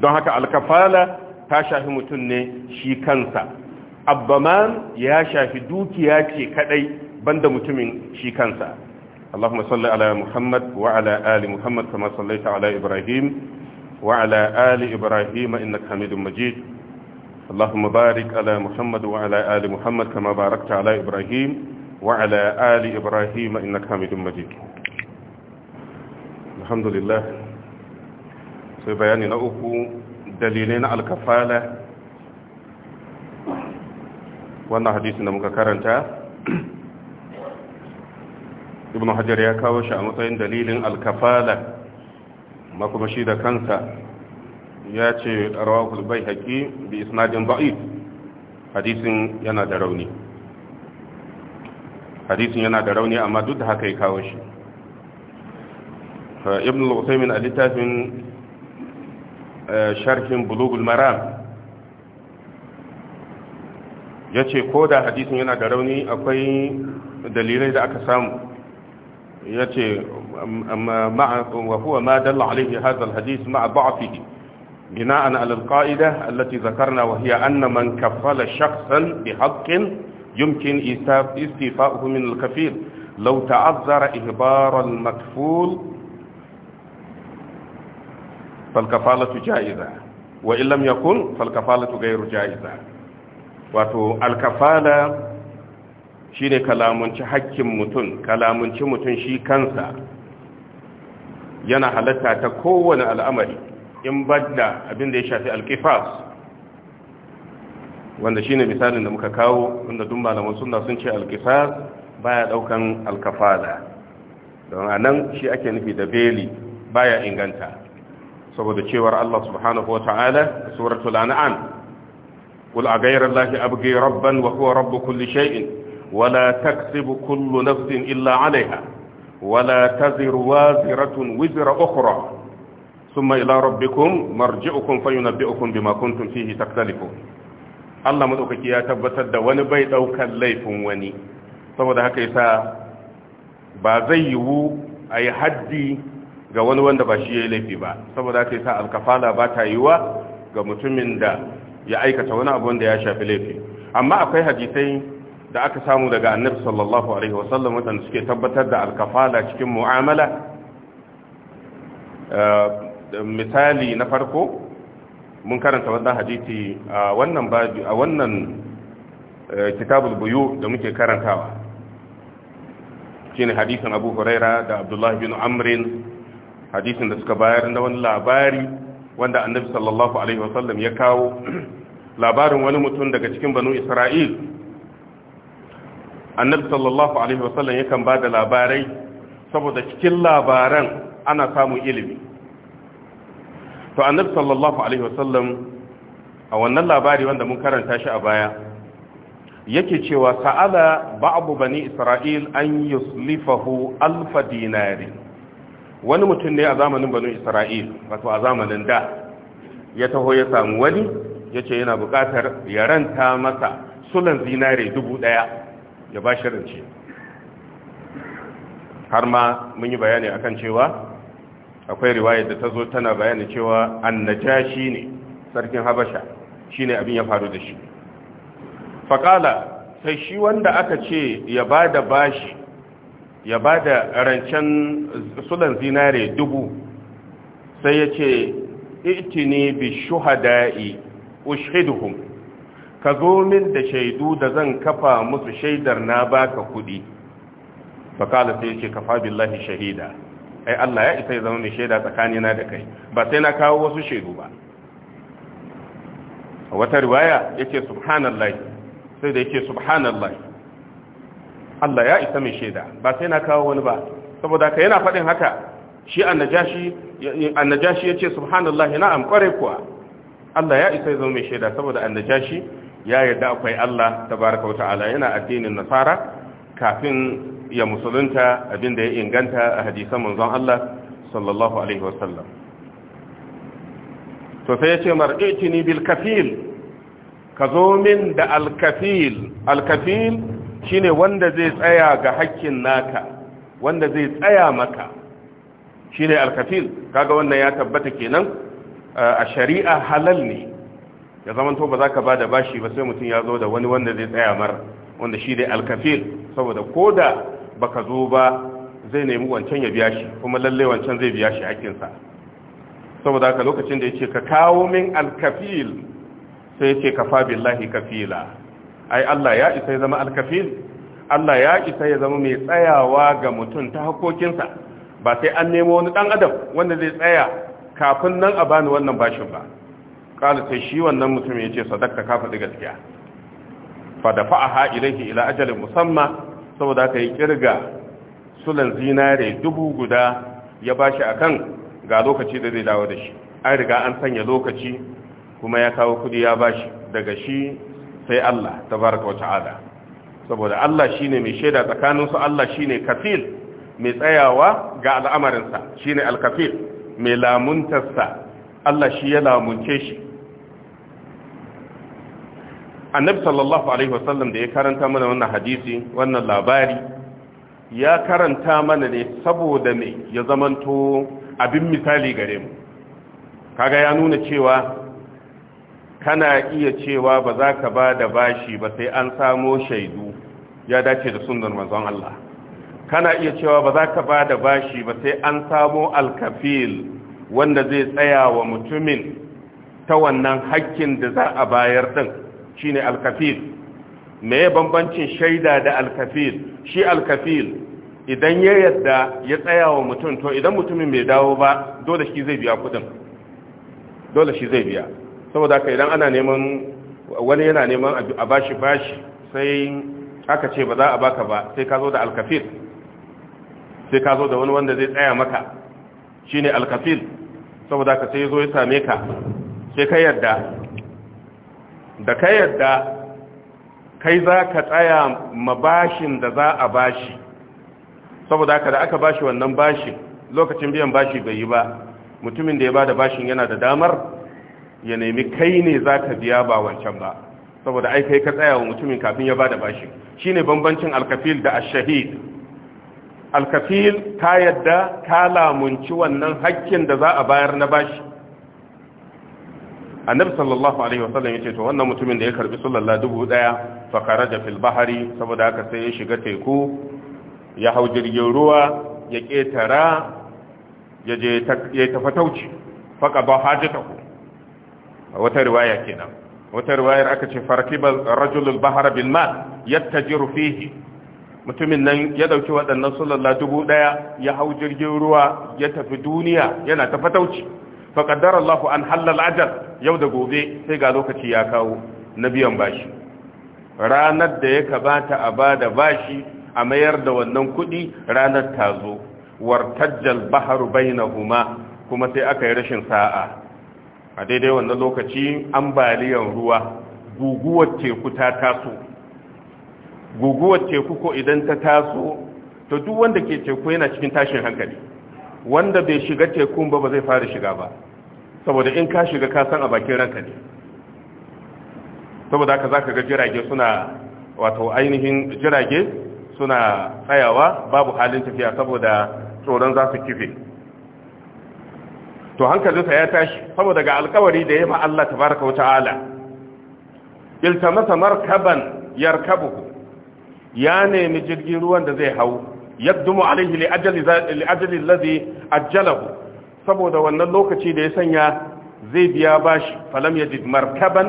don haka alkafala ta shafi mutum ne shi kansa abbaman ya shafi dukiya ce kadai banda mutumin shi kansa اللهم صل على محمد وعلى آل محمد كما صليت على إبراهيم وعلى آل إبراهيم إنك حميد مجيد اللهم بارك على محمد وعلى آل محمد كما باركت على إبراهيم وعلى آل إبراهيم إنك حميد مجيد الحمد لله في بيان نأخو دليلين على الكفالة وانا حديثنا مكاكرنتا ibn hajar ya kawo shi a matsayin dalilin alkafala kuma shi da kansa ya ce rawahul bai haƙi bi isnadin ba'id hadisin yana da rauni hadisin yana da rauni amma duk da haka ya kawo shi ibn al-usaymin a littafin eh, sharhin bulugul maram ya ce ko da hadisin yana da rauni akwai dalilai da aka samu ياتي مع وهو ما دل عليه هذا الحديث مع ضعفه بناء على القاعده التي ذكرنا وهي ان من كفل شخصا بحق يمكن استيفاؤه من الكفيل لو تعذر اهبار المكفول فالكفاله جائزه وان لم يكن فالكفاله غير جائزه وفي الكفاله shine kalamunci hakkin mutum kalamunci mutum shi kansa yana halatta ta kowane al'amari in badda abin da ya shafi alkifas wanda ne misalin da muka kawo wanda dun malaman suna sun ce alkifas baya daukan alkafala don anan shi ake nufi da beli baya inganta saboda cewar Allah subhanahu wa ta'ala suratul an'am قل أغير الله أبغي ربا وهو رب كل شيء ولا تكسب كل نفس إلا عليها ولا تزر وازرة وزر أخرى ثم إلى ربكم مرجعكم فينبئكم بما كنتم فيه تختلفون الله مدوكك يا تبتد وني بي دوكان laifin wani saboda haka yasa ba zai yiwu a yi haddi ga wani wanda ba shi ya yi laifi ba saboda haka sa alkafala ba ta yiwa ga mutumin da ya aikata wani abu wanda ya shafi laifi amma akwai hadisai da aka samu daga annabi sallallahu alaihi wasallam wadanda suke tabbatar da alkafala cikin mu'amala eh, misali na farko mun karanta wannan hadithi a wannan babu a wannan eh, kitabul buyu da muke karantawa shine hadisin Abu Huraira da Abdullah bin Amrin hadisin da suka bayar da wani labari wanda annabi sallallahu alaihi wasallam ya kawo labarin wani mutum daga cikin banu Isra'il annabi sallallahu alaihi wasallam yakan ba da labarai saboda cikin labaran ana samun ilimi to annabi sallallahu alaihi wasallam a wannan labari wanda mun karanta shi a baya yake cewa sa'ala ba'abu bani isra'il an yuslifahu alfa dinari wani mutum ne a zamanin bani isra'il wato a zamanin da ya taho ya samu wani ya ce yana bukatar ya ranta masa sulan zinare dubu daya ya ba shi rance har ma mun yi bayani akan cewa akwai riwayar da ta zo tana bayani cewa annajashi ne sarkin habasha shine abin ya faru da shi faƙala sai shi wanda aka ce ya ba da bashi ya ba da rancen sulan zinare dubu sai ya ce itini bi shuhada'i ushiduhum ka zo min da shaidu da zan kafa musu shaidar na baka kuɗi fakala sai ce kafa billahi shahida ai Allah ya isa ya zama mai shaida tsakanina da kai ba sai na kawo wasu shaidu ba wata riwaya yake subhanallah sai da yake subhanallah Allah ya isa mai shaida ba sai na kawo wani ba saboda ka yana faɗin haka shi annajashi annajashi yace subhanallahi na'am kware kuwa Allah ya isa ya zama mai shaida saboda annajashi ya yarda akwai Allah baraka wa ta'ala yana addinin nasara kafin ya musulunta abinda ya inganta a hadisan manzon Allah sallallahu alaihi wasallam to sai yace mar'itini bil kafil ka zo min da alkafil. Alkafil al shine wanda zai tsaya ga hakkin naka wanda zai tsaya maka shine al kaga wannan ya tabbata kenan a shari'a halal ne ya zama to ba za ka ba da bashi ba sai mutum ya zo da wani wanda zai tsaya mar wanda shi dai alkafil saboda ko da ba ka zo ba zai nemi wancan ya biya shi kuma lalle wancan zai biya shi hakinsa saboda haka lokacin da ya ce ka kawo min alkafil sai ya ce fa billahi kafila ai Allah ya isa ya zama alkafil Allah ya isa ya zama mai tsayawa ga mutum ta hakokinsa ba sai an nemo wani dan adam wanda zai tsaya kafin nan a bani wannan bashin ba kala sai shi wannan mutumin ya ce sadaka ka faɗi gaskiya fa da fa'aha ilaihi ila ajalin musamma saboda aka yi kirga sulan zinare dubu guda ya bashi akan ga lokaci da zai dawo da shi an riga an sanya lokaci kuma ya kawo kudi ya bashi daga shi sai Allah tabaraka wa ta'ala saboda Allah shine mai shaida tsakanin su Allah shine kafil mai tsayawa ga al'amarinsa shine al-kafil mai lamuntarsa Allah shi ya lamunce shi annabi sallallahu alaihi wasallam da ya karanta mana wannan hadisi wannan labari ya karanta mana ne saboda me ya zamanto abin misali gare mu kaga ya nuna cewa kana iya cewa ba za ka ba da bashi ba sai an samo shaidu ya dace da sunnar manzon Allah kana iya cewa ba za ka ba da bashi ba sai an samo alkafil wanda zai tsaya wa mutumin ta wannan hakkin da za a bayar din shine alkafil me bambancin shaida da alkafil shi alkafil idan ya yadda ya tsaya wa mutum to idan mutumin bai dawo ba dole shi zai biya kudin dole shi zai biya saboda haka idan ana neman wani yana neman a bashi bashi sai aka ce ba za a baka ba sai ka zo da alkafil sai ka zo da wani wanda zai tsaya maka shine alkafil saboda haka sai zo ya same ka sai ka yadda da ka yadda kai za ka tsaya bashin da za a bashi saboda haka da aka bashi wannan bashi lokacin biyan bashi bai yi ba mutumin da ya ba da bashin yana da damar ya nemi kai ne za ka biya ba wancan ba saboda ai kai ka tsaya wa mutumin kafin ya ba da bashi shi ne bambancin alkafil da ashahid alkafil ka yadda ka lamunci wannan hakkin da za a bayar na bashi annabi sallallahu alaihi wa wasallam yace to wannan mutumin da ya karbi sallallahu dubu daya fa kharaja fil bahri saboda haka sai ya shiga teku ya hau jirgin ruwa ya ketara ya je ya tafatauci fa qada hajatahu wata riwaya kenan wata riwaya aka ce farkiba rajulul bahra bil ma yattajiru fihi mutumin nan ya dauki waɗannan sallallahu dubu daya ya hau jirgin ruwa ya tafi duniya yana tafatauci fa qaddara Allahu an halal ajal yau da gobe sai ga lokaci ya kawo na biyan bashi ranar da ya kabata a ba da bashi a mayar da wannan kuɗi ranar ta zo wartajjal baharu huma kuma sai aka yi rashin sa'a a daidai wannan lokaci ambaliyar ruwa guguwar teku ta taso guguwar teku ko idan ta taso to duk wanda ke teku yana cikin tashin hankali wanda bai shiga tekun ba ba zai fara shiga ba saboda in ka shiga ka san a bakin ranka ne saboda haka ka ga jirage suna wato ainihin jirage suna tsayawa babu halin tafiya saboda tsoron za su kife to hankalinsa ya tashi saboda ga alkawari da ya ma Allah tabaraka wa ta'ala iltamasa markaban yarkabuhu ya nemi jirgin ruwan da zai hau yaddumu alihi li ajali alladhi ajjalahu saboda wannan lokaci da ya sanya zai biya bashi falam yajid markaban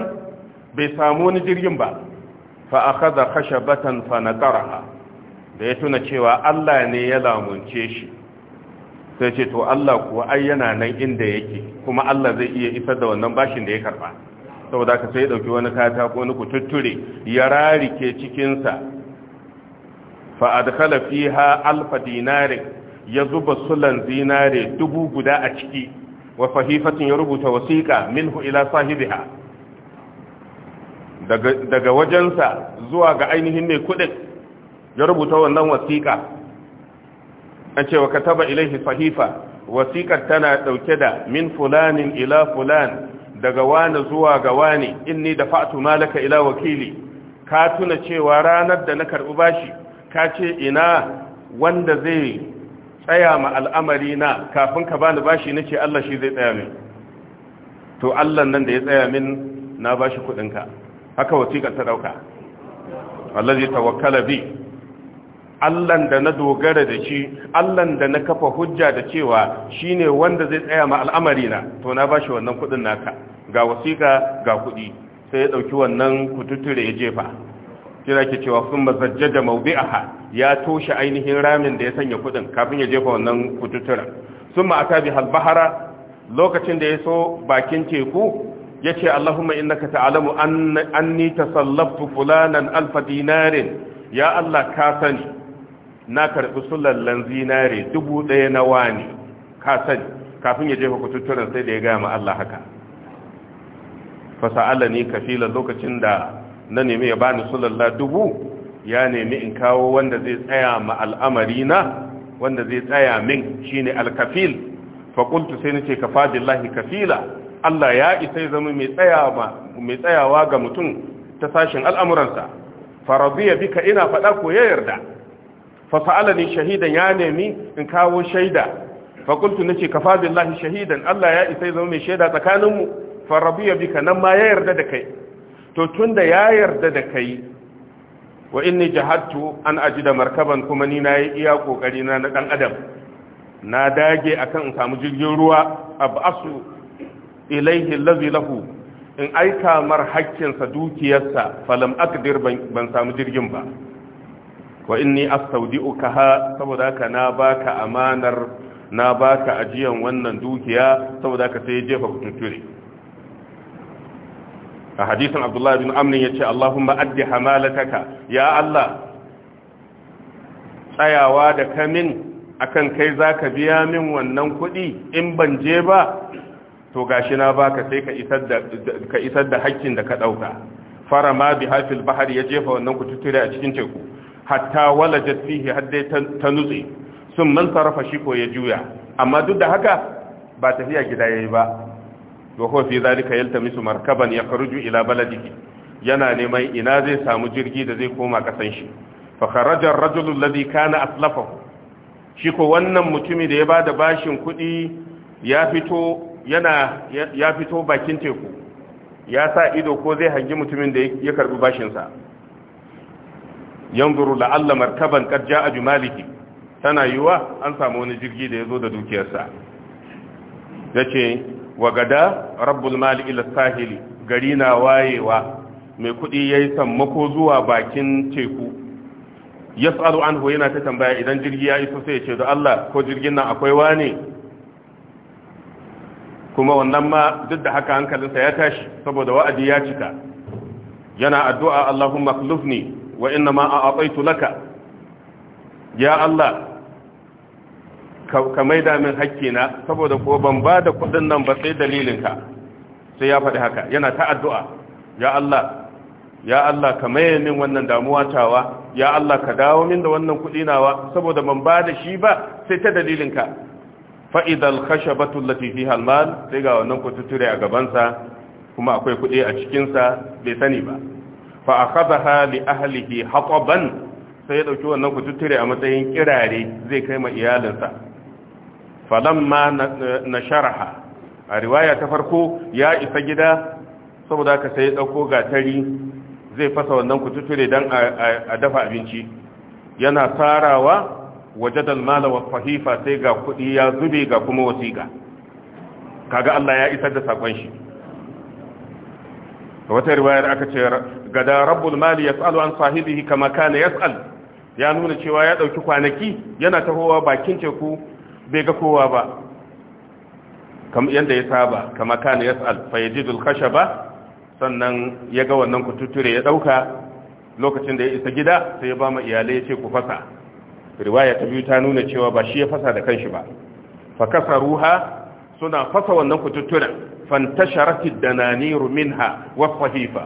bai samu wani jirgin ba fa kashe khashabatan fa da ya tuna cewa Allah ne ya lamunce shi sai ce to Allah kuwa ai yana nan inda yake kuma Allah zai iya isar da wannan bashin da ya karba saboda ka sai ya dauki wani katako wani kututture ya rarike cikin sa fa adkhala fiha alf dinarin ya zuba sulan zinare dubu guda a ciki wa fahifatin ya rubuta wasiƙa minhu ila sahibiha daga wajensa zuwa ga ainihin mai kudin ya rubuta wannan wasiƙa an cewa taba ilaihi fahifa wasiƙar tana ɗauke da min fulanin ila fulan daga wani zuwa ga wani in ni da fa'atu malaka ila wakili ka tuna cewa ranar da na karɓi bashi ka ce ina wanda zai tsaya ma al'amari na kafin ka bani bashi nake Allah shi zai tsaya min to Allah nan da ya tsaya min na bashi kudin ka haka wasiƙar ta dauka allazi tawakkala bi Allah da na dogara da shi Allah da na kafa hujja da cewa shine wanda zai tsaya ma al'amari na to na bashi wannan kudin naka ga wasiƙa ga kudi sai ya dauki wannan kututture ya jefa shi ki ke cewa sun mazajja da maubi'aha ya toshe ainihin ramin da ya sanya kudin kafin ya jefa wannan kututtura sun ma'ata bi halbahara lokacin da ya so bakin teku ya ce allahumma innaka ta'alamu anni tasallabtu fulanan alfa dinarin ya allah ka sani na karɓi sulallan zinare dubu ɗaya na wani ka sani kafin ya jefa kututturan sai da ya gama allah haka fasa'ala ni kafila lokacin da na nemi ya bani sulalla dubu ya nemi in kawo wanda zai tsaya ma al'amari na wanda zai tsaya min shine alkafil fa qultu sai nace kafa billahi kafila Allah ya isa zama mai tsayawa mai tsayawa ga mutum ta sashin al'amuransa fa radiya bika ina fada ko ya yarda fa sa'alani shahidan ya nemi in kawo shaida fa qultu nace kafa billahi shahidan Allah ya isa zama mai shaida tsakaninmu fa radiya bika nan ma ya yarda da kai to tunda ya yarda da kai wa inni jahattu an da markaban kuma ni na yi iya kokari na dan adam na dage akan in samu jirgin ruwa abasu ilaihi allazi lahu in aika mar hakkinsa dukiyarsa falam akdir ban samu jirgin ba wa inni astaudi'uka ha saboda haka na baka amanar na baka ajiyan wannan dukiya saboda haka sai ya jefa kututture a hadisin abdullahi bin amrin ya ce allahumma addi hamalataka ya allah tsayawa da kamin akan kai za ka biya min wannan kuɗi in ban je ba to gashi na baka sai ka isar da hakkin da ka ɗauka fara ma bi ya jefa wannan kututture a cikin teku hatta wala fihi haddai ta nutse sun man sarrafa shi ko ya juya amma duk da haka ba tafiya gida ya yi ba wa huwa fi zalika yaltamisu markaban ya yakhruju ila baladihi yana neman ina zai samu jirgi da zai koma kasan shi fa kharaja ar rajul alladhi kana aslafahu shi ko wannan mutumi da ya bada bashin kuɗi ya fito yana ya fito bakin teku ya sa ido ko zai hangi mutumin da ya karbi sa yanzuru la'alla markaban kad ja'a jumaliki tana yuwa an samu wani jirgi da ya zo da dukiyarsa yace wa gada rabbul mali ila sahili gari na wayewa mai kudi yayi sammako zuwa bakin teku yas'alu anhu yana ta tambaya idan jirgi ya iso sai ya ce da Allah ko jirgin nan akwai wane kuma wannan ma duk da haka hankalinsa ya tashi saboda wa'adi ya cika yana addu'a Allahumma akhlifni wa inna ma a'taitu laka ya Allah ka maida min hakkina saboda ko ban ba da kudin nan ba sai dalilinka sai ya faɗi haka yana ta addu'a ya Allah ya Allah ka maye min wannan damuwa tawa ya Allah ka dawo min da wannan kudi nawa saboda ban ba da shi ba sai ta dalilinka Fa'idal kashe batun latifi fiha sai ga wannan kututture a gabansa kuma akwai kudi a cikinsa bai sani ba fa akhadha li ahlihi haqaban sai ya ɗauki wannan kututture a matsayin kirare zai kai ma iyalinsa falamma sharaha a riwaya ta farko ya isa gida saboda ka sai dauko gatari zai fasa wannan kututure dan a dafa abinci yana farawa waje mala wa fahifa sai ga kudi ya zube ga kuma wasiƙa kaga Allah ya isar da sakon shi wata riwayar aka ce gada rabbul mali yas'alu an sahibihi kama kana yas'al ya nuna cewa ya dauki kwanaki yana tahowa bakin teku bai ga kowa ba kam yanda ya saba kama kana ya fa yajidul khashaba sannan ya ga wannan kututture ya dauka lokacin da ya isa gida sai ya ba ma iyalai ya ce ku fasa riwaya ta biyu ta nuna cewa ba shi ya fasa da kanshi ba fa ruha suna fasa wannan kututturen fantasharatid dananiru minha wasahifa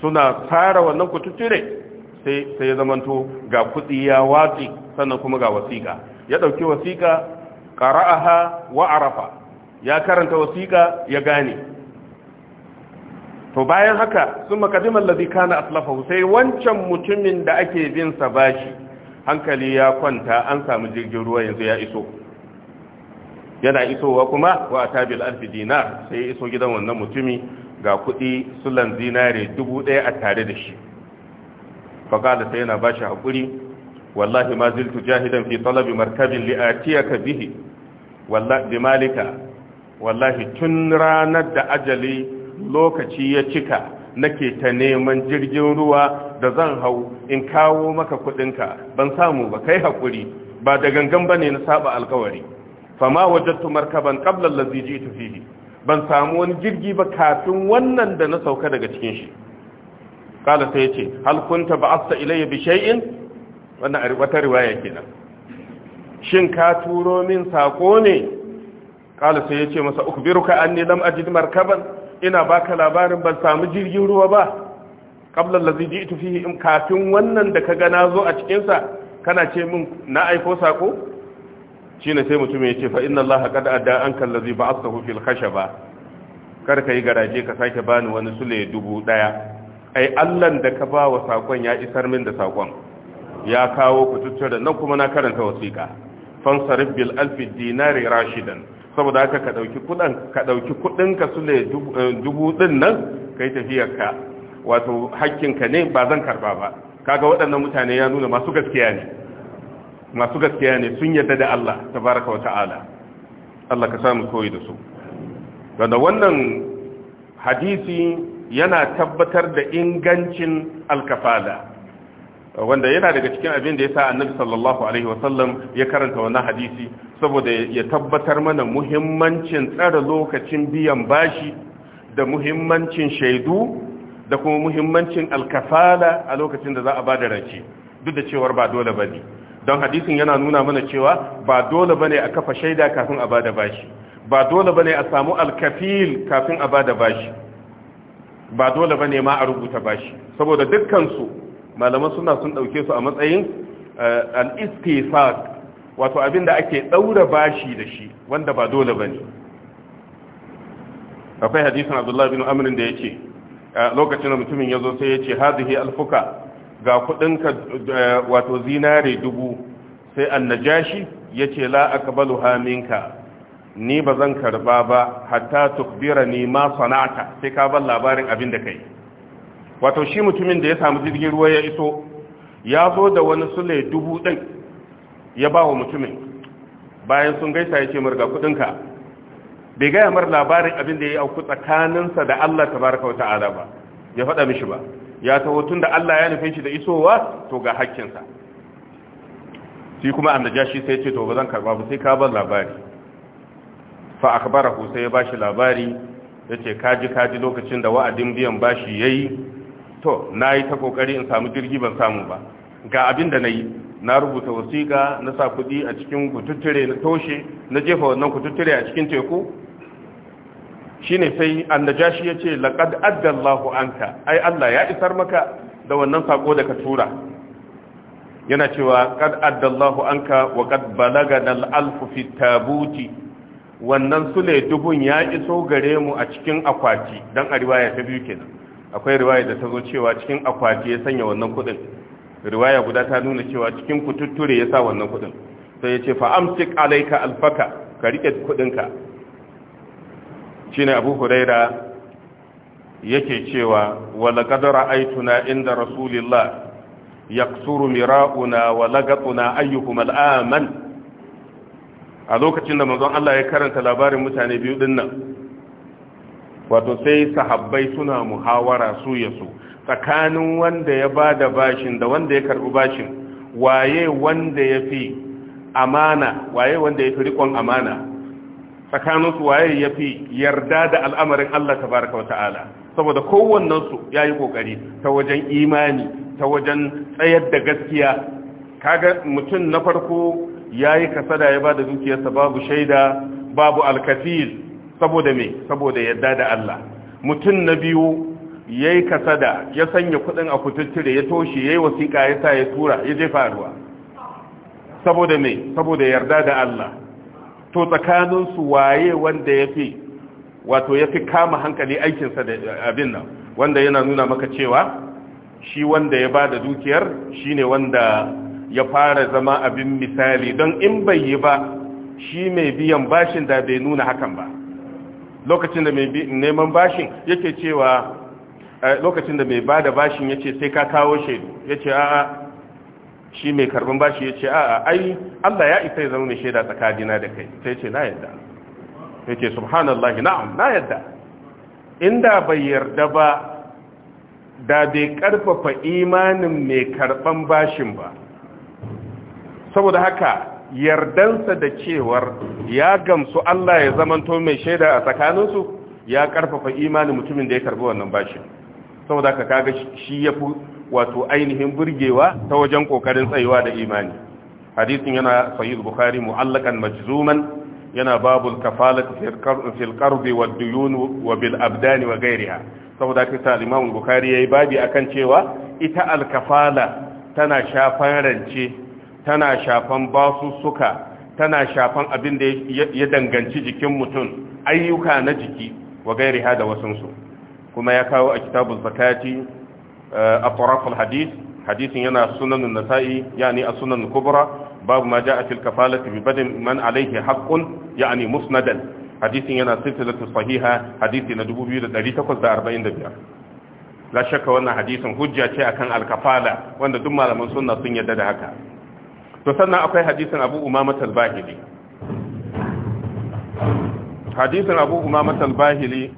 suna fara wannan kututture sai sai ya zamanto ga kudi ya watsi sannan kuma ga wasiƙa ya ɗauki wasiƙa ƙara'aha wa arafa ya karanta wasiƙa ya gane to bayan haka sun makadimar lazi kana aslafahu sai wancan mutumin da ake bin sa bashi hankali ya kwanta an samu jirgin ruwa yanzu ya iso yana isowa kuma wa atabil alfi dinar sai ya iso gidan wannan mutumi ga kuɗi sulan zinare dubu ɗaya a tare da shi faƙada sai yana bashi haƙuri wallahi ma ziltu jahidan fi talabi markabin li'atiyaka bihi wallahi bi malika wallahi tun ranar da ajali lokaci ya cika nake ta neman jirgin ruwa da zan hau in kawo maka kudinka ban samu ba kai hakuri ba da gangan bane na saba alkawari fama wajadtu markaban qabla allazi ji'tu fihi ban samu wani jirgi ba kafin wannan da na sauka daga cikin shi kala sai yace hal kunta ba'asta ilayya bi shay'in wannan wata riwaya kenan shin ka turo min sako ne kala sai yace masa ukbiruka anni lam ajid markaban ina baka labarin ban samu jirgin ruwa ba qabla allazi ji'tu fihi in kafin wannan da kaga nazo a cikin sa kana ce min na aiko sako shine sai mutum ya ce fa inna allaha qad adda anka allazi ba'athahu fil khashaba kar ka yi garaje ka sake bani wani sule dubu daya ai allan da ka ba wa sakon ya isar min da sakon ya kawo da nan kuma na karanta wasiƙa fansarif bil alfi dinari rashidan saboda haka ka ɗauki kuɗin ka ɗauki kuɗin ka sule eh, dubu ɗin nan kai tafiyar ka wato hakkin ka ne ba zan karba ba kaga waɗannan mutane ya nuna masu gaskiya ne masu gaskiya ne sun yarda da Allah tabaraka wa ta'ala Allah ka samu koyi da su wanda wannan hadisi yana tabbatar da ingancin alkafala wanda yana daga cikin abin da ya sa annabi sallallahu alaihi wasallam ya karanta wannan hadisi saboda ya tabbatar mana muhimmancin tsara lokacin biyan bashi da muhimmancin shaidu da kuma muhimmancin alkafala a lokacin da za a bada rance duk da cewar ba dole bane don hadisin yana nuna mana cewa ba dole bane a kafa shaida kafin a bada bashi ba dole bane a samu alkafil kafin a bada bashi ba dole bane ma a rubuta bashi saboda dukkan su malaman suna sun ɗauke su a matsayin eh, al-istifaq wato abin da ake ɗaura bashi da shi wanda ba dole bane ne akwai hadisin abdullahi bin amrin da ya lokacin da mutumin yazo sai yace ce hazihi alfuka ga ka eh, wato zinare dubu sai annajashi ya ce la aqbalu minka ni bazan zan karba ba hatta tukbira ma sana'ata sai ka ban labarin abin da kai wato shi mutumin da ya samu jirgin ruwa ya iso ya zo da wani sule dubu ɗin ya ba wa mutumin bayan sun gaisa ya ce marga kudinka bai gaya mara labarin abin da ya yi auku tsakaninsa da Allah wata ala ba ya faɗa mishi ba ya taho tun da Allah ya nufin shi da isowa to ga hakkinsa shi kuma annajashi sai ce to ba zan karba ba sai ka bar labari fa akbarahu sai ya bashi labari yace kaji kaji lokacin da wa'adin biyan bashi yayi to na yi ta kokari in samu jirgi ban samu ba ga abin da na yi na rubuta wasiƙa na sa kuɗi a cikin kututture na toshe na jefa wannan kututture a cikin teku shine sai annajashi ya ce laqad adda anka ai Allah ya isar maka da wannan sako da ka tura yana cewa qad adda Allahu anka wa qad balaga al-alf fi tabuti wannan sule dubun ya iso gare mu a cikin akwati dan a riwaya ta biyu kenan akwai riwaya da ta zo cewa cikin akwati ya sanya wannan kudin riwaya guda ta nuna cewa cikin kututture ya sa wannan kudin sai ya ce fa amsik alaika alfaka ka rike kudinka shine abu huraira yake cewa wala qadara aituna inda rasulillah yaksuru mira'una wa lagatuna ayyukum al'aman a lokacin da manzon Allah ya karanta labarin mutane biyu dinnan wato sai sahabbai suna muhawara su ya su tsakanin wanda ya ba da bashin da wanda ya karbi bashin waye wanda ya fi amana waye wanda ya fi rikon amana tsakaninsu waye ya fi yarda da al'amarin Allah tabaraka wata'ala saboda kowannensu ya yi ƙoƙari ta wajen imani ta wajen tsayar da gaskiya kaga mutum na farko ya yi kasada ya ba da dukiyarsa babu shaida babu alkafil saboda me saboda yadda da Allah mutum na biyu yayi kasada ya sanya kudin a kututtire ya toshe yayi wasiƙa ya sa ya tura ya jefa faruwa saboda me saboda yarda da Allah to tsakaninsu su waye wanda yafi wato yafi kama hankali aikinsa da abin nan wanda yana nuna maka cewa shi wanda ya bada dukiyar shine wanda ya fara zama abin misali don in bai yi ba shi mai biyan bashin da bai nuna hakan ba lokacin da mai neman bashin yake cewa eh, lokacin da mai ba da bashin yace sai ka kawo shaidu yace a'a shi mai karban bashi yace a'a ai Allah ya isa ya zama mai shaida tsakanina da kai sai yace na yadda yace subhanallahi na'am na yadda inda bai yarda ba da bai karfafa imanin mai karban bashin ba saboda haka yardansa da cewar ya gamsu Allah ya zamanto mai shaida a tsakaninsu ya karfafa imanin mutumin da ya karbi wannan bashi saboda ka kaga shi ya fi wato ainihin burgewa ta wajen kokarin tsayuwa da imani hadisin yana sahih bukhari mu'allakan majzuman yana babul kafalat fil qarbi wad duyun wa bil abdan wa ghayriha saboda ka ta imam bukhari yayi babi akan cewa ita al kafala tana shafan rance tana shafan basussuka tana shafan abin da ya danganci jikin mutum ayyuka na jiki wa gairi da wasansu kuma ya kawo a kitabun zakati eh, a taraful hadis hadisin yana sunan nasa'i yani a sunan kubra babu ma ja'a fil kafalati bi badin man alayhi haqqun yani musnadan hadisin yana silsilatu sahiha hadisi na 2845 la shakka wannan hadisin hujja ce akan alkafala wanda duk malaman sunna sun yadda da haka to sannan akwai hadisin abu umama talbahili hadisin abu umama Bahili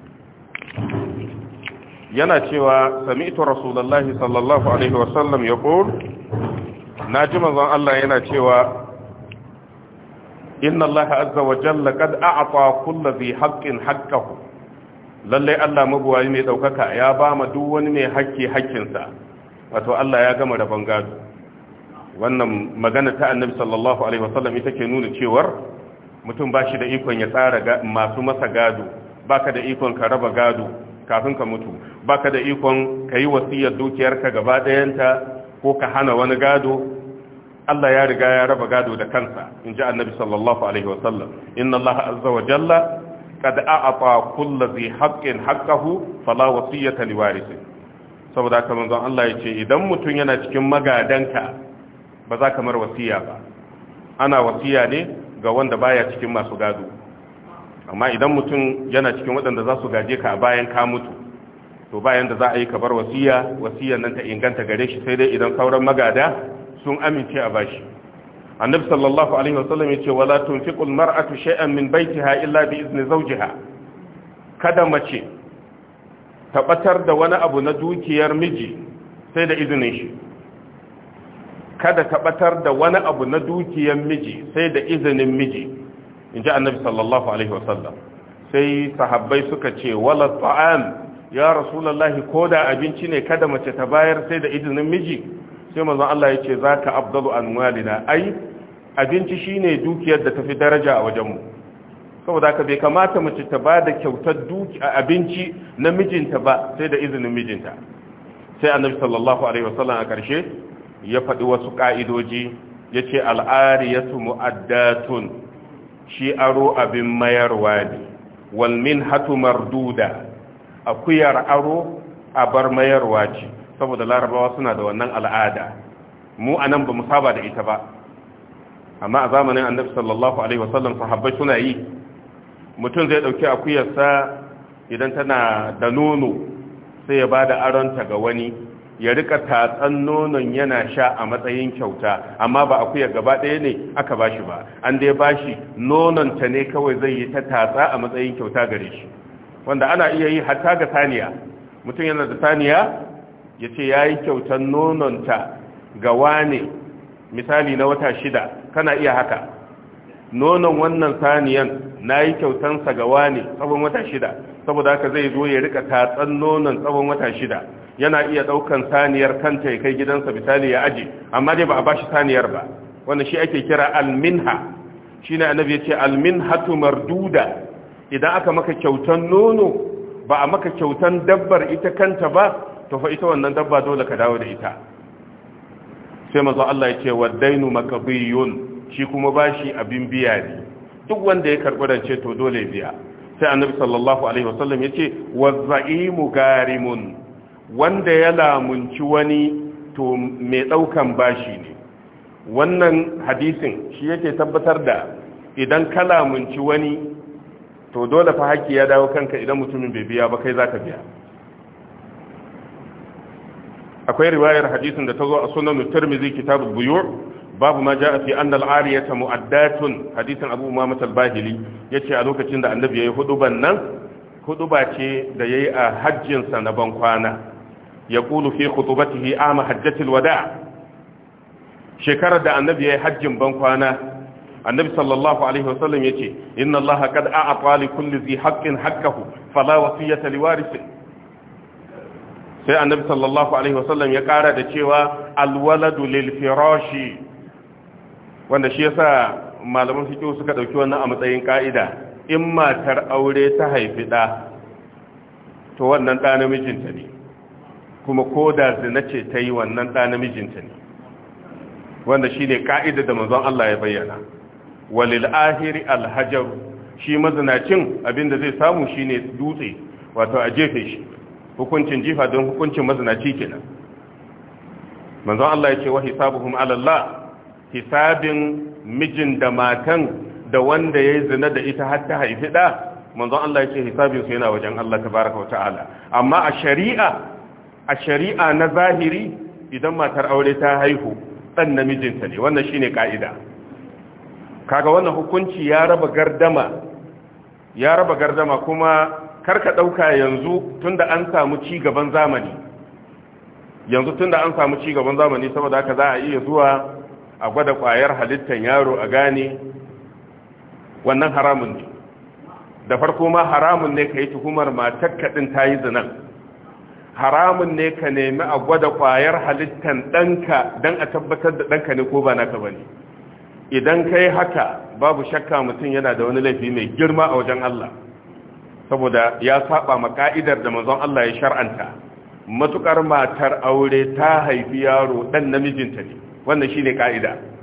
yana cewa sami'tu rasulullahi sallallahu alaihi wa sallam ya qul naji manzon Allah yana cewa inna Allah azza wa jalla qad a'ata kulli dhi haqqin haqqahu lalle Allah mabuwayi mai daukaka ya ba ma duk wani mai haƙƙi haƙƙinsa wato Allah ya gama rabon gado wannan magana ta annabi sallallahu alaihi wasallam ita ke nuna cewar mutum ba shi da ikon ya tsara masu masa gado baka da ikon ka raba gado kafin ka mutu baka da ikon ka yi wasiyar dukiyarka gaba ɗayanta ko ka hana wani gado Allah ya riga ya raba gado da kansa in ji annabi sallallahu alaihi wasallam inna Allah azza wa jalla qad a'ata kulli dhi haqqin haqqahu fala wasiyata liwarisi saboda haka manzon Allah ya ce idan mutum yana cikin magadanka ba za kamar wasiya ba ana wasiya ne ga wanda baya cikin masu gado amma idan mutum yana cikin waɗanda za su gaje ka bayan ka mutu to bayan da za a yi ka bar wasiya wasiyan nan ta inganta gare shi sai dai idan sauran magada sun amince a bashi annabi sallallahu alaihi wasallam yace wala tunfiqul mar'atu shay'an min baytiha illa bi izni zawjiha kada mace tabbatar da wani abu na dukiyar miji sai da izinin shi kada ka batar da wani abu na dukiyar miji sai da izinin miji in ji annabi sallallahu alaihi wasallam sai sahabbai suka ce wala ta'am ya rasulullahi ko da abinci ne kada mace ta bayar sai da izinin miji sai manzon Allah ya ce zaka afdalu walida. ai abinci shine dukiyar da tafi daraja a wajenmu saboda ka bai kamata mace ta ba da kyautar abinci na mijinta ba sai da izinin mijinta sai annabi sallallahu alaihi wasallam a karshe ya faɗi wasu ƙa'idoji ya ce al'ariyatu mu'addatun shi aro abin mayarwa ne walmin hatu marduda akuyar aro a bar mayarwa ce saboda larabawa suna da wannan al'ada mu a nan ba mu saba da ita ba amma a zamanin annabi sallallahu alaihi wasallam sahabbai suna yi mutum zai ɗauki akuyarsa idan tana da nono sai ya ba da aronta ga wani ya rika tatsan nonon yana sha a matsayin kyauta amma ba akuya gaba ɗaya ne aka bashi ba an dai bashi nonon ta ne kawai zai yi ta tatsa a matsayin kyauta gare shi wanda ana iya yi hatta ga saniya mutum yana da saniya ya ce ya yi nonon nononta ga wane misali na wata shida kana iya haka nonon wannan saniyan na yi kyautansa ga wane tsawon wata shida saboda haka zai zo ya rika tatsan nonon tsawon wata shida yana iya daukan saniyar kanta ya kai gidansa misali ya aje amma dai ba a bashi saniyar ba wannan shi ake kira alminha shine annabi ya ce alminhatu marduda idan aka maka kyautan nono ba a maka kyautan dabbar ita kanta ba to fa ita wannan dabba dole ka dawo da ita sai manzo Allah ya ce wadainu makabiyun shi kuma bashi abin biya ne duk wanda ya karbi rance to dole biya sai annabi sallallahu alaihi wasallam mu wazaimu garimun wanda ya lamunci wani to mai ɗaukan bashi ne wannan hadisin shi yake tabbatar da idan ka lamunci wani to dole fa haƙƙi ya dawo kanka idan mutumin bai biya ba kai za ka biya akwai riwayar hadisin da ta zo a sunan turmizi kitabul buyur babu ma ja'a fi annal ariyata mu'addatun hadisin abu umama talbahili yace a lokacin da annabi yayi huduban nan huduba ce da yayi a hajjin sa na ban kwana yaqulu fi khutubatihi ama hajjatil shekarar da annabi yi hajjin ban kwana annabi sallallahu alaihi wasallam yace inna allaha qad a'ata li kulli dhi haqqin haqqahu fala wasiyata li warithin sai annabi sallallahu alaihi wasallam ya kara da cewa alwaladu lil firashi wanda shi yasa malaman fikihu suka ɗauki wannan a matsayin ka'ida in matar aure ta haifi da to wannan da namijinta ne kuma ko da zina ce ta yi wannan ɗa namijinta ne wanda shi ne ƙa'ida da manzon Allah ya bayyana walil ahiri alhajar shi mazinacin abinda zai samu shi ne dutse wato a jefe shi hukuncin jifa don hukuncin mazinaci kenan manzon Allah ya ce wa hisabuhum ala Allah hisabin mijin da matan da wanda ya yi zina da ita har ta haifi ɗa manzon Allah ya ce hisabinsu yana wajen Allah baraka wa ta'ala amma a shari'a a shari'a na zahiri idan matar aure ta haihu ɗan namijinta ne wannan shi ne ka'ida kaga wannan hukunci ya raba gardama ya raba gardama kuma karka ɗauka yanzu tunda an samu cigaban zamani yanzu tunda an samu ci zamani saboda haka za a iya zuwa a gwada ƙwayar halittar yaro a gane wannan haramun ne da farko ma haramun ne ka yi tuhumar matar kaɗin ta yi zinan haramun ne ka nemi a gwada kwayar halittar ɗanka don a tabbatar da ɗanka ne ko ba naka ba ne idan ka haka babu shakka mutum yana da wani laifi mai girma a wajen Allah saboda ya saba ma ka'idar da manzon Allah ya shar'anta matukar matar aure ta haifi yaro ɗan namijinta ne wannan shine ka'ida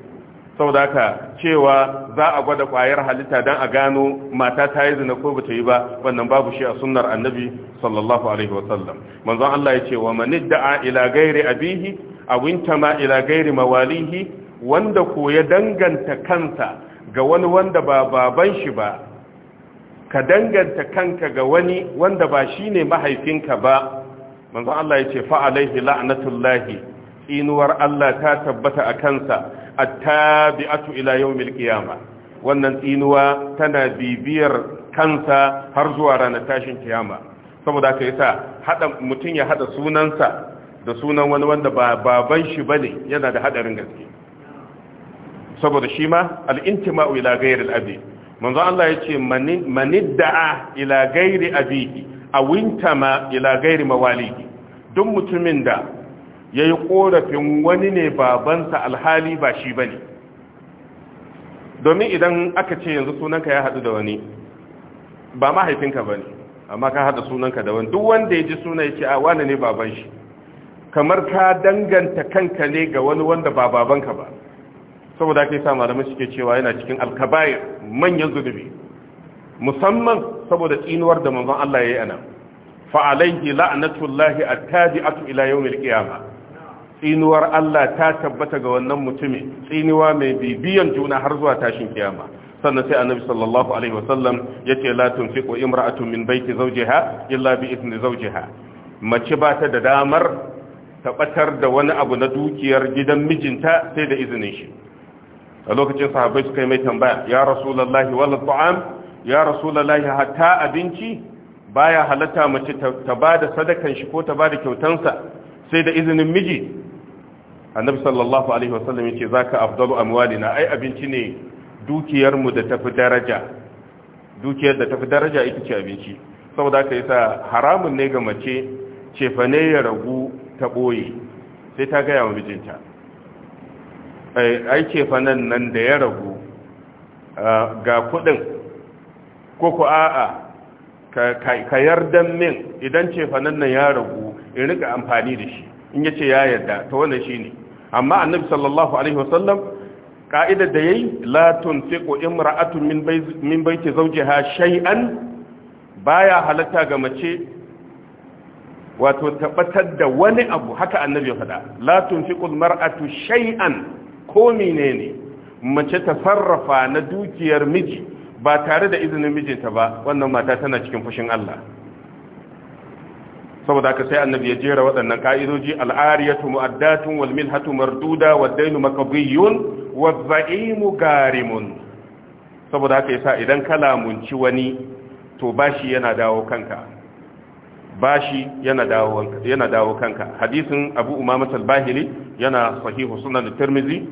saboda haka cewa za a gwada kwayar halitta don a gano mata ta yi zina ko bata yi ba wannan babu shi a sunnar annabi sallallahu alaihi wasallam manzon Allah ya ce wa man da'a ila gairi abihi awinta ma ila gairi mawalihi wanda ko ya danganta kansa ga wani wanda ba baban shi ba ka danganta kanka ga wani wanda ba shine mahaifinka ba manzon Allah ya ce fa alaihi la'natullahi inuwar Allah ta tabbata a kansa attabi'atu ila yawmil qiyama wannan tsinuwa tana bibiyar kansa har zuwa ranar tashin kiyama saboda haka yasa hada mutun ya hada sunansa da sunan wani wanda ba baban shi bane yana da hadarin gaske saboda shi ma al-intima'u ila ghayril abi manzo Allah yace manidda'a ila ghairi abihi awintama ila ghairi mawalihi duk mutumin da ya yi korafin wani ne babansa alhali ba shi ba ne domin idan aka ce yanzu sunanka ya haɗu da wani ba mahaifinka ba ne amma ka haɗa sunanka da wani duk wanda ya ji suna ya ce a wane ne baban shi kamar ka danganta kanka ne ga wani wanda ba babanka ba saboda yi sa malamai suke cewa yana cikin alkabayir manyan zunubi musamman saboda tsinuwar da manzon Allah ya yi anan fa alaihi la'anatullahi attabi'atu ila yawmil qiyamah tsinuwar Allah ta tabbata ga wannan mutumin tsinuwa mai bibiyan juna har zuwa tashin kiyama sannan sai annabi sallallahu alaihi wasallam yace la tunfiqu imra'atun min baiti zawjiha illa bi idni zawjiha mace ba ta da damar batar da wani abu na dukiyar gidan mijinta sai da izinin shi a lokacin sahabbai suka yi mai tambaya ya rasulullahi wal ta'am ya rasulullahi hatta abinci baya halatta mace ta bada sadakan shi ko ta bada kyautansa sai da izinin miji annabi sallallahu alaihi wasallam yace zaka afdalu amwalina ai abinci ne dukiyar mu da tafi daraja dukiyar da tafi daraja ita ce abinci saboda haka yasa haramun ne ga mace cefa ne ya ragu ta boye sai ta gaya wa mijinta ai cefa nan nan da ya ragu ga kudin ko ku a'a ka yardan min idan cefa nan nan ya ragu in rika amfani da shi in yace ya yarda ta wannan shi ne amma annabi sallallahu alaihi wasallam ka'idar da yayi la tunfiqu imra'atun min min bayti zawjiha shay'an baya halatta ga mace wato tabbatar da wani abu haka annabi ya faɗa la tunfiqu mar'atu shay'an ko menene mace ta sarrafa na dukiyar miji ba tare da izinin mijinta ba wannan mata tana cikin fushin Allah saboda haka sai annabi ya jera waɗannan ka'idoji al'ariyatu mu'addatun wal milhatu marduda wad dainu makabiyyun wad za'imu garimun saboda haka yasa idan kalamunci wani to bashi yana dawo kanka bashi yana dawo yana dawo kanka hadisin Abu Umama al-Bahili yana sahihu sunan Tirmidhi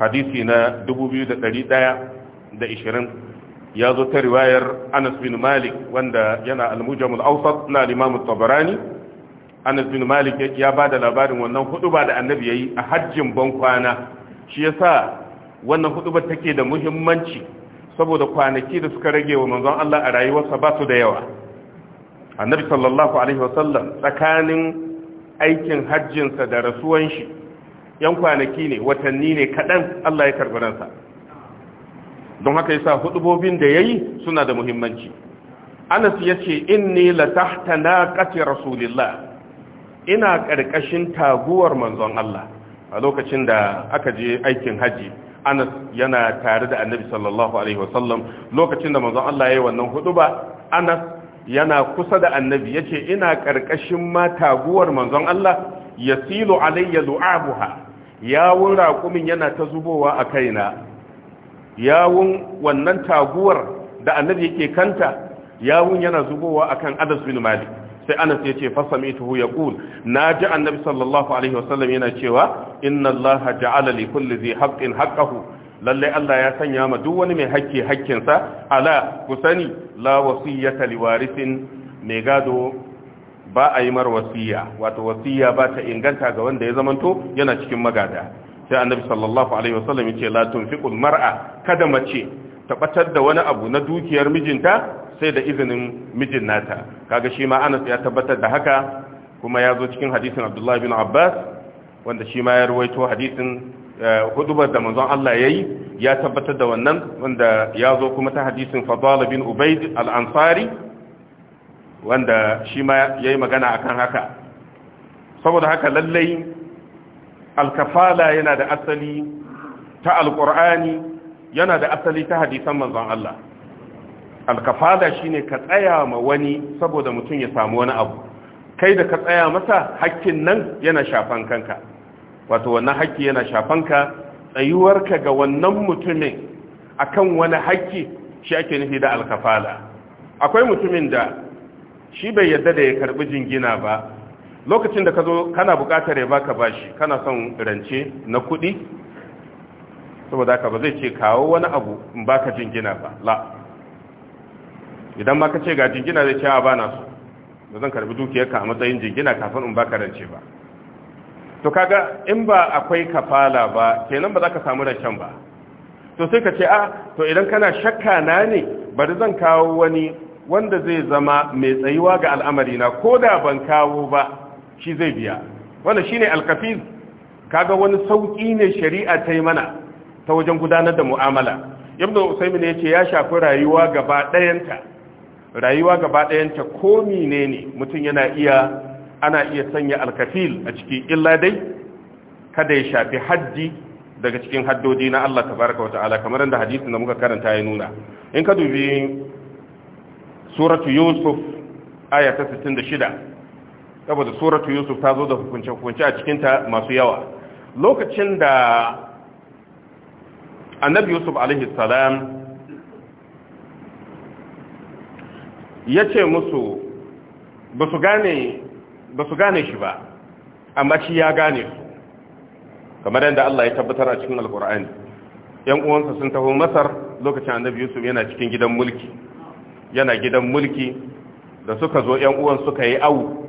hadisi na 2120 ya zo ta riwayar Anas bin Malik wanda yana al-Mujamul Awsat na Imam Tabarani Anas bin Malik ya bada labarin wannan huduba da Annabi yayi a hajjin ban kwana shi yasa wannan hudubar take da muhimmanci saboda kwanaki da suka rage wa manzon Allah a rayuwarsa ba su da yawa annabi sallallahu alaihi wasallam tsakanin aikin hajjinsa da rasuwan shi yan kwanaki ne watanni ne kaɗan Allah ya karɓi sa. don haka yasa hudubobin da yayi suna da muhimmanci Anas yace inni la tahta naqati rasulillah ina karkashin taguwar manzon Allah a lokacin da aka je aikin haji Anas yana tare da Annabi sallallahu alaihi wasallam lokacin da manzon Allah yayi wannan huduba Anas yana kusa da Annabi yace ina karkashin ma taguwar manzon Allah yasilu alayya lu'abuha ya wura kumin yana ta zubowa a kaina yawun wannan taguwar da annabi yake kanta yawun yana zubowa akan anas bin malik sai anas ya ce fasamituhu yaqul naji annabi sallallahu alaihi wasallam yana cewa inna allaha ja'ala li kulli dhi haqqin haqqahu lalle Allah ya sanya ma duk wani mai hakki hakkinsa ala ku sani la wasiyata li warisin mai gado ba a yi mar wasiya wato wasiya ba ta inganta ga wanda ya zamanto yana cikin magada sai annabi sallallahu alaihi wasallam yace la tunfiqul mar'a kada mace ta batar da wani abu na dukiyar mijinta sai da izinin mijin nata kaga shi ma Anas ya tabbatar da haka kuma ya cikin hadisin Abdullah bin Abbas wanda shi ma ya ruwaito hadisin eh, hudubar da manzon Allah yayi ya tabbatar da wannan wanda ya kuma ta hadisin Fadal bin Ubayd al-Ansari wanda shi ma yayi magana akan haka saboda haka lallai alkafala yana da asali ta alkur'ani yana da asali ta hadisan manzon Allah alkafala shine ka tsaya ma wani saboda mutum ya samu wani abu kai da ka tsaya masa hakkin nan yana shafan kanka wato wannan hakki yana shafan ka tsayuwarka ga wannan mutumin akan wani hakki shi ake nufi da alkafala akwai mutumin da shi bai yadda da ya karbi jingina ba lokacin da ka zo kana buƙatar ya baka bashi kana son rance na kuɗi saboda haka ba zai ce kawo wani abu in baka jingina ba la idan ma ka ce ga jingina zai ce a bana so ba zan karbi dukiyarka a matsayin jingina kafin in baka rance ba to kaga in ba akwai kafala ba kenan ba za ka samu rancen ba to sai ka ce a to idan kana shakka na ne bari zan kawo wani wanda zai zama mai tsayuwa ga al'amari na ko da ban kawo ba shi zai biya wannan shine alkafiz kaga wani sauki ne shari'a ta yi mana ta wajen gudanar da mu'amala ibnu usaymin yace ya shafi rayuwa gaba ɗayanta rayuwa gaba ɗayanta ko menene mutum yana iya ana iya sanya alkafil a ciki illa dai kada ya shafi haddi daga cikin haddodi na Allah tabaraka wa ta'ala kamar yadda hadisin da muka karanta ya nuna in ka dubi suratu yusuf aya ta 66 saboda suratu yusuf ta zo da hukunce-hukunce a cikinta masu yawa lokacin da annabi yusuf alaihi salam ya ce musu ba su gane shi ba amma shi ya gane su kamar yadda Allah ya tabbatar a cikin alkur'ani yan uwansa sun taho masar lokacin annabi yusuf yana cikin gidan mulki yana gidan mulki da suka zo yan uwan suka yi awu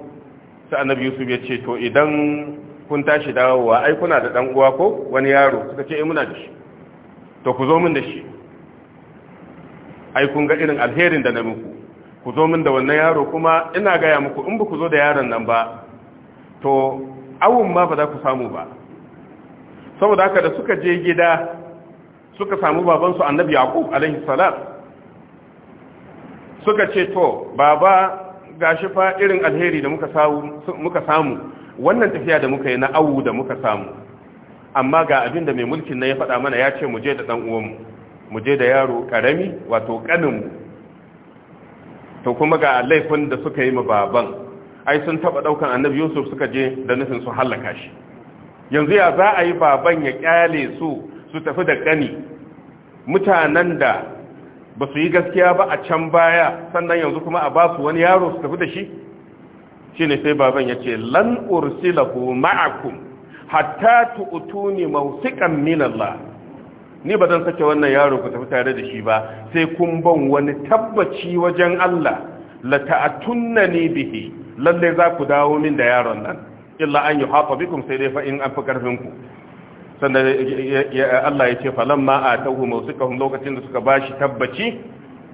sai annabi yusuf ya ce to idan kun tashi dawowa ai kuna da dan uwa ko wani yaro suka ce eh muna da shi to ku zo min da shi ai kun ga irin alherin da na muku ku zo min da wannan yaro kuma ina gaya muku in ba ku zo da yaron nan ba to awun ma ba za ku samu ba saboda haka da suka je gida suka samu babansu annabi yaqub alaihi salam suka ce to baba Ga shi fa irin alheri da muka samu wannan tafiya da muka yi na awu da muka samu amma ga abin da mai mulkin na ya faɗa mana ya ce mu je da ɗan uwanmu mu je da yaro ƙarami wato ƙaninmu to kuma ga laifin da suka yi ma baban ai sun taɓa ɗaukan annabi yusuf suka je da nufin su hallaka shi yanzu ya za a yi baban ya ƙyale su su tafi da ƙani mutanen da ba su yi gaskiya ba a can baya sannan yanzu kuma a ba su wani yaro su tafi da shi Shi ne sai baban ya ce lan ursilahu ma'akum hatta tu'tuni mawsiqan min Allah ni ba zan sake wannan yaro ku tafi tare da shi ba sai kun ban wani tabbaci wajen Allah la ta'tunnani bihi lalle za ku dawo min da yaron nan illa an yuhafa bikum sai dai fa in an fi karfin ku sannan Allah ya ce falamma atahu mawsikahum lokacin da suka bashi tabbaci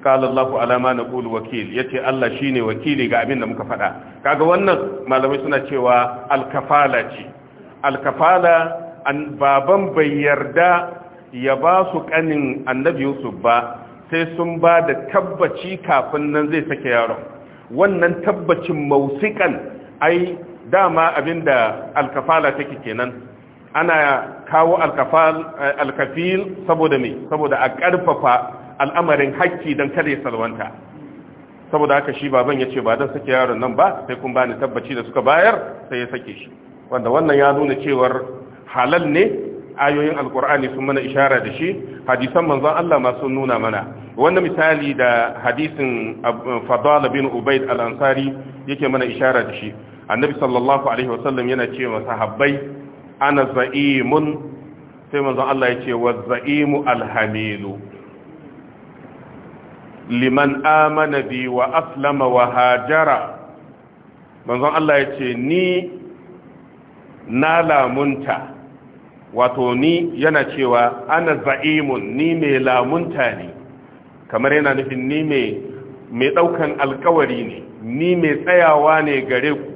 qala Allahu ala ma naqulu wakil yace Allah shine wakili ga abin da muka faɗa kaga wannan malamai suna cewa alkafala ce alkafala an baban bai yarda ya ba su kanin annabi Yusuf ba sai sun ba da tabbaci kafin nan zai sake yaron wannan tabbacin mausikan ai dama abinda alkafala take kenan ana kawo eh, alkafil saboda me saboda a ƙarfafa al'amarin hakki don kada ya salwanta saboda haka shi baban ya ce ba don sake yaron nan ba sai kun bani tabbaci da suka bayar sai ya sake shi wanda wannan ya nuna cewar halal ne ayoyin alkur'ani sun mana ishara da shi hadisan manzon Allah ma sun nuna mana wanda misali da hadisin fadala bin ubaid al-ansari yake mana ishara da shi annabi sallallahu alaihi wasallam yana cewa sahabbai ana za'imun sai manzon Allah ya ce wa za'imu alhamilu liman amana bi wa aslama wa hajara manzon Allah ya ce ni na lamunta wato ni yana cewa ana za'imun ni mai lamunta ne kamar yana nufin ni mai daukan alkawari ne ni mai tsayawa ne gare ku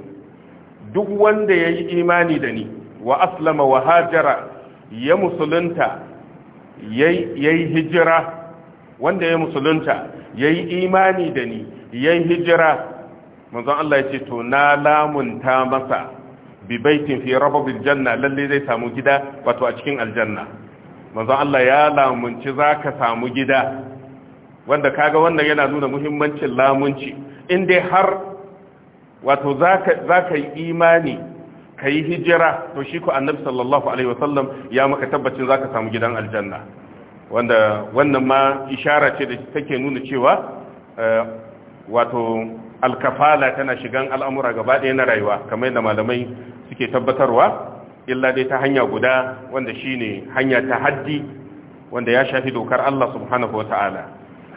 duk wanda ya yi imani da ni wa aslama wa hajara ya musulunta yi hijira wanda ya musulunta yayi imani da ni yayi hijira manzon Allah ya ce to na lamunta masa bi baitin fi rabbil janna lalle zai samu gida wato a cikin aljanna manzon Allah ya lamunci ka samu gida wanda kaga wannan yana nuna muhimmancin lamunci Inda har wato za ka yi imani ka yi hijira to shi ku annabi sallallahu alaihi wasallam ya maka tabbacin za ka samu gidan aljanna wanda wannan ma ishara ce da take nuna cewa eh, wato alkafala tana shigan al'amura gaba ɗaya na rayuwa kamar yadda malamai suke tabbatarwa illa dai ta hanya guda wanda ne hanya ta haddi wanda ya shafi dokar Allah subhanahu ta'ala.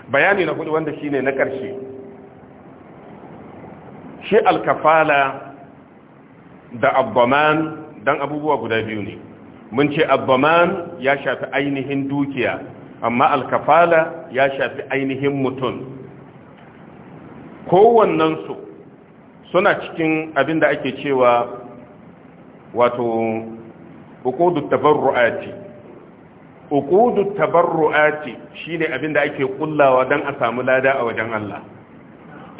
bayani na hudu wanda ne na ƙarshe shi alkafala da abbaman dan abubuwa guda biyu ne mun ce abbaman ya shafi ainihin dukiya amma alkafala ya shafi ainihin mutum kowannensu suna cikin abin da ake cewa wato ukudu tabarru'ati ukudu tabarru'ati shine abin da ake kullawa don a samu lada a wajen Allah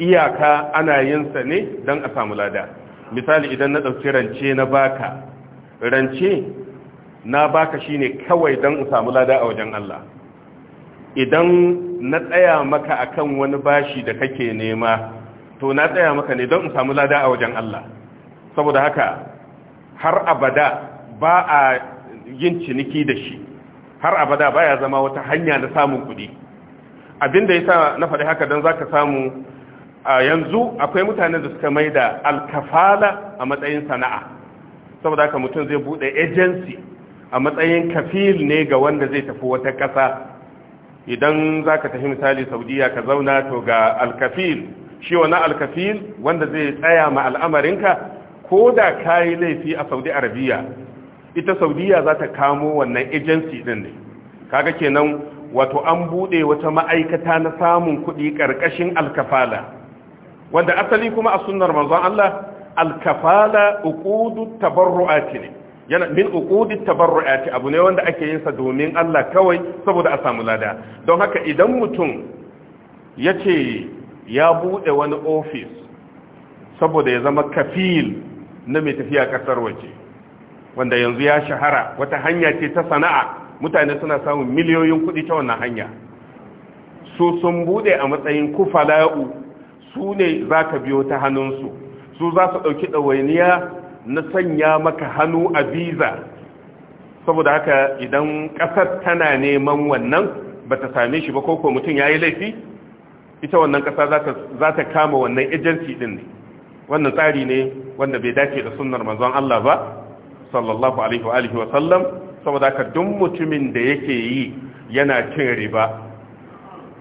iyaka ana yinsa ne don a samu lada misali idan na ɗauki rance na baka rance na baka shine kawai don in samu lada a wajen Allah idan na tsaya maka akan wani bashi da kake nema to na tsaya maka ne don in samu lada a wajen Allah saboda haka har abada ba a yin ciniki da shi har abada baya zama wata hanya na samun kuɗi abinda yasa na faɗi haka don zaka samu a yanzu akwai mutane da suka mai da alkafala a matsayin sana'a saboda haka mutum zai bude agency a matsayin kafil ne ga wanda zai tafi wata ƙasa idan za ka tafi misali saudiya ka zauna to ga alkafil shi wani alkafil wanda zai tsaya ma al'amarinka ko da ka yi laifi a saudi arabiya ita saudiya za ta kamo wannan agency din ne kaga kenan wato an bude wata ma'aikata na samun kuɗi ƙarƙashin alkafala wanda asali kuma a sunnar manzon Allah alkafala uqudu tabarru'ati ne yana min uqudi tabarru'ati abu ne wanda ake yin sa domin Allah kawai saboda a samu lada don haka idan mutum yace ya bude wani office saboda ya zama kafil na mai tafiya kasar waje wanda yanzu ya shahara wata hanya ce ta sana'a mutane suna samun miliyoyin kuɗi ta wannan hanya su sun bude a matsayin kufala'u su ne za ka biyo ta hannunsu su za su ɗauki ɗawainiya na sanya maka hannu a biza saboda haka idan ƙasar tana neman wannan ba ta same shi ba ko mutum ya yi laifi ita wannan ƙasa za ta kama wannan ejensi ɗin ne wannan tsari ne wanda bai dace da sunnar manzon Allah ba sallallahu alaihi wa alihi wa sallam saboda haka duk mutumin da yake yi yana cin riba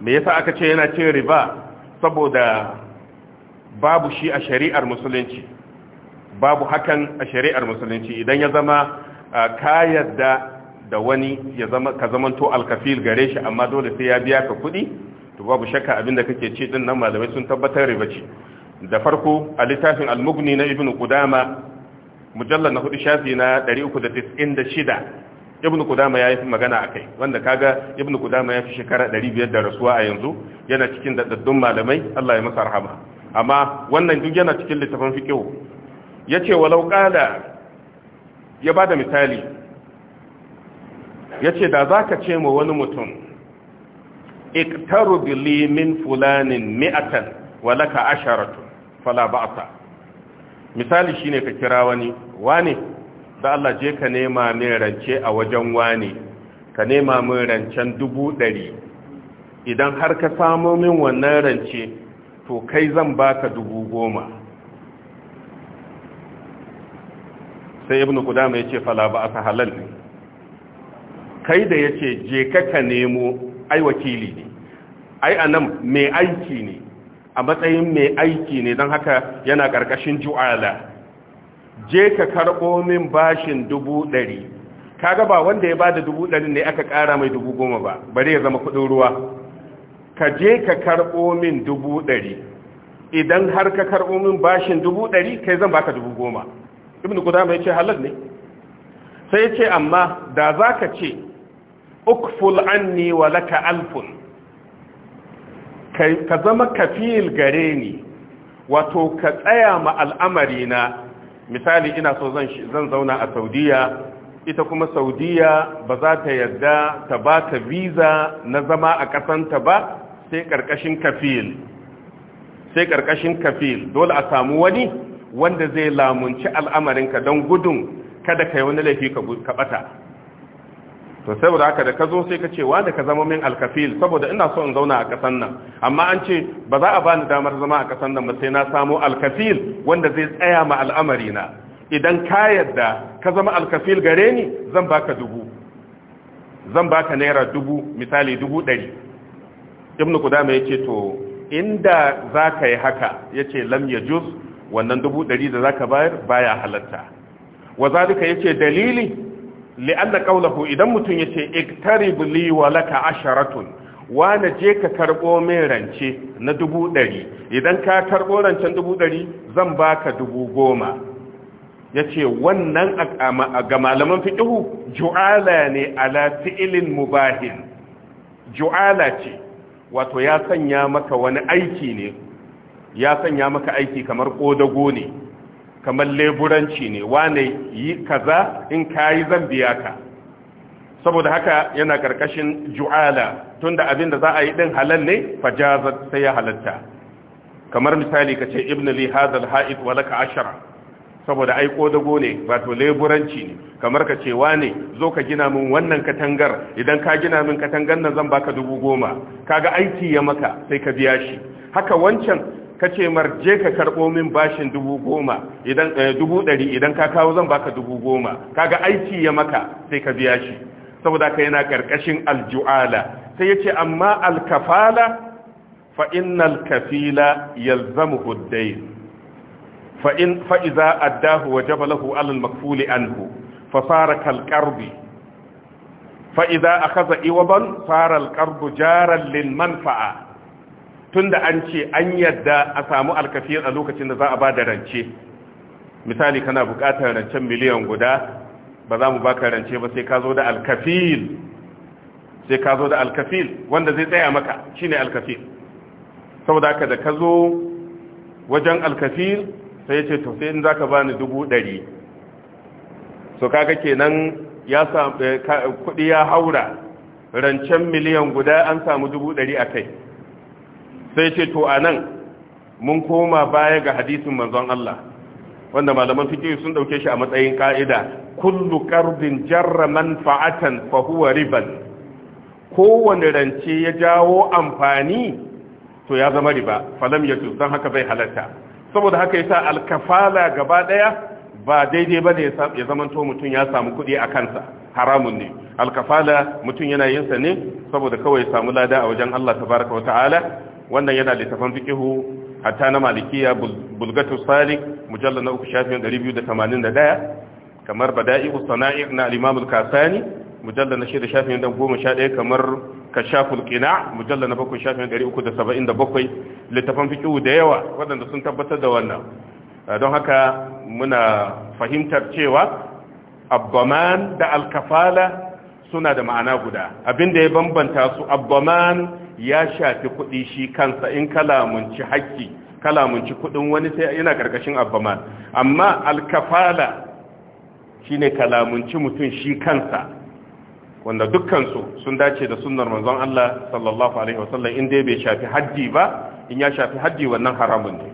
me yasa aka ce yana cin riba saboda babu shi a shari'ar musulunci babu hakan a shari'ar musulunci idan ya zama ah, ka yadda da wani ya zama ka zamanto alkafil gare shi amma dole sai ya biya ka kuɗi to babu shakka abinda kake ce din nan malamai sun tabbatar riba ce da farko a littafin al na ibnu qudama mujallal na hudu shafi na 396 ibnu kudama ya yi magana a kai wanda kaga ibnu kudama ya fi shekara 500 da rasuwa a yanzu yana cikin daɗaɗɗun malamai Allah ya masa rahama amma wannan duk yana cikin littafin ya ce walau qala ya ba da misali ya ce da za ka ce ma wani mutum iktaru li min fulanin mi'atan walaka asharatu fala ba'asa misali shine ka kira wani wane da Allah je ka nema min rance a wajen wane ka nema min rancen dubu ɗari idan har ka samo min wannan rance to kai zan baka dubu goma sai ibn kudama ya ce fala ba aka halal ne kai da ya ce je ka ka nemo ai wakili ne ai anan mai aiki ne a matsayin mai aiki ne don haka yana ƙarƙashin ju'ala je ka karɓo min bashin dubu ɗari kaga ba wanda ya bada dubu ɗari ne aka ƙara mai dubu goma ba bari ya zama kuɗin ruwa ka je ka karɓo min dubu ɗari idan har ka karɓo min bashin dubu ɗari kai zan baka dubu goma ibn guda ya ce halal ne sai ya ce amma da za ka ce ukful anni wa laka alfun ka zama kafil gare ni wato ka tsaya ma al'amari na misali ina so zan zauna a saudiya ita kuma saudiya ba za ta yarda ta ba ta visa na zama a ƙasanta ba sai ƙarƙashin kafil sai ƙarƙashin kafil dole a samu wani wanda zai lamunci al'amarinka don gudun kada ka yi wani laifi ka bata to saboda haka da ka zo sai ka ce wanda ka zama min alkafil saboda ina so in zauna a kasan nan amma an ce ba za a bani damar zama a kasan nan ba sai na samu alkafil wanda zai tsaya ma al'amari na idan ka yadda ka zama alkafil gare ni zan baka dubu zan baka naira dubu misali dubu ɗari ibnu kudama ya ce to inda za ka yi haka ya ce lam ya wannan dubu ɗari da za ka bayar baya halatta wa zalika ya ce dalili li'anna qawluhu idan mutun yace iktarib li wa laka asharatun wane je ka karɓo min rance na dubu ɗari idan ka karɓo rancen dubu ɗari zan baka dubu goma yace wannan ga malaman fiqhu ju'ala ne ala fi'lin mubahin ju'ala ce wato ya ya sanya maka aiki kamar kodago ne kamar leburanci ne wane yi kaza in kayi zan biya ka saboda haka yana karkashin ju'ala tunda abin da za a yi din halal ne fajazat sai ya halatta kamar misali ka ce ibn li hadal ha'id wa laka ashara saboda ai kodago ne wato leburanci ne kamar ka ce wane zo ka gina min wannan katangar idan ka gina min katangar nan zan baka dubu goma kaga aiki ya maka sai ka biya shi haka wancan ka ce mar je ka karɓo min bashin dubu goma idan eh, dubu ɗari idan ka kawo zan baka dubu goma kaga aiki ya maka sai ka biya shi saboda ka yana ƙarƙashin aljuala sai ya ce amma alkafala fa innal kafila yalzamu huddain fa in fa iza addahu wajaba lahu alal makfuli anhu fa sara kal qarbi fa iza akhadha iwaban sara al qarbu jaran lil manfa'a Tun da an ce an yadda a samu alkafiyar a lokacin da za a ba da rance misali kana bukatar rancen miliyan guda ba za mu ba ka rance ba sai ka zo da alkafil sai ka zo da alkafil wanda zai tsaya maka ne alkafil saboda haka da ka zo wajen alkafil sai ya ce to sai in ba bani dubu ɗari so kaga kenan ya eh, kuɗi ya haura rancen miliyan guda an samu dubu ɗari a kai sai ce to a nan mun koma baya ga hadisin manzon Allah wanda malaman fiqh sun dauke shi a matsayin ka'ida kullu qardin jarra manfa'atan fa huwa riban kowane rance ya jawo amfani to ya zama riba falam yatu dan haka bai halatta saboda haka yasa alkafala gaba daya ba daidai ba ne ya zamanto mutum ya samu kuɗi a kansa haramun ne alkafala mutum yana yin sa ne saboda kawai samu lada a wajen Allah tabaraka wa ta'ala wannan yana littafan fikihu hatta na malikiya bulgatu salik mujalla na uku shafin 281 kamar bada'i'u sana'i na al kasani mujalla na shida shafin dan goma sha kamar kashaful qina mujalla na bakwai shafin ɗari uku da saba'in da bakwai littafan fiƙihu da yawa waɗanda sun tabbatar da wannan ah, don haka muna fahimtar cewa abbaman da alkafala suna da ma'ana guda abin da ya bambanta su abbaman ya shafi kuɗi shi kansa in kalamunci haƙƙi kalamunci kuɗin wani sai yana ƙarƙashin abbama amma alkafala shine kalamunci mutum shi kansa wanda dukkansu sun dace da sunnar manzon Allah sallallahu alaihi wasallam in dai bai shafi hajji ba in ya shafi hajji wannan haramun ne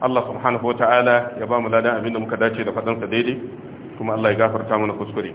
Allah subhanahu wataala ya ba mu ladan abinda muka dace da fadansa daidai kuma Allah ya gafarta mana kuskure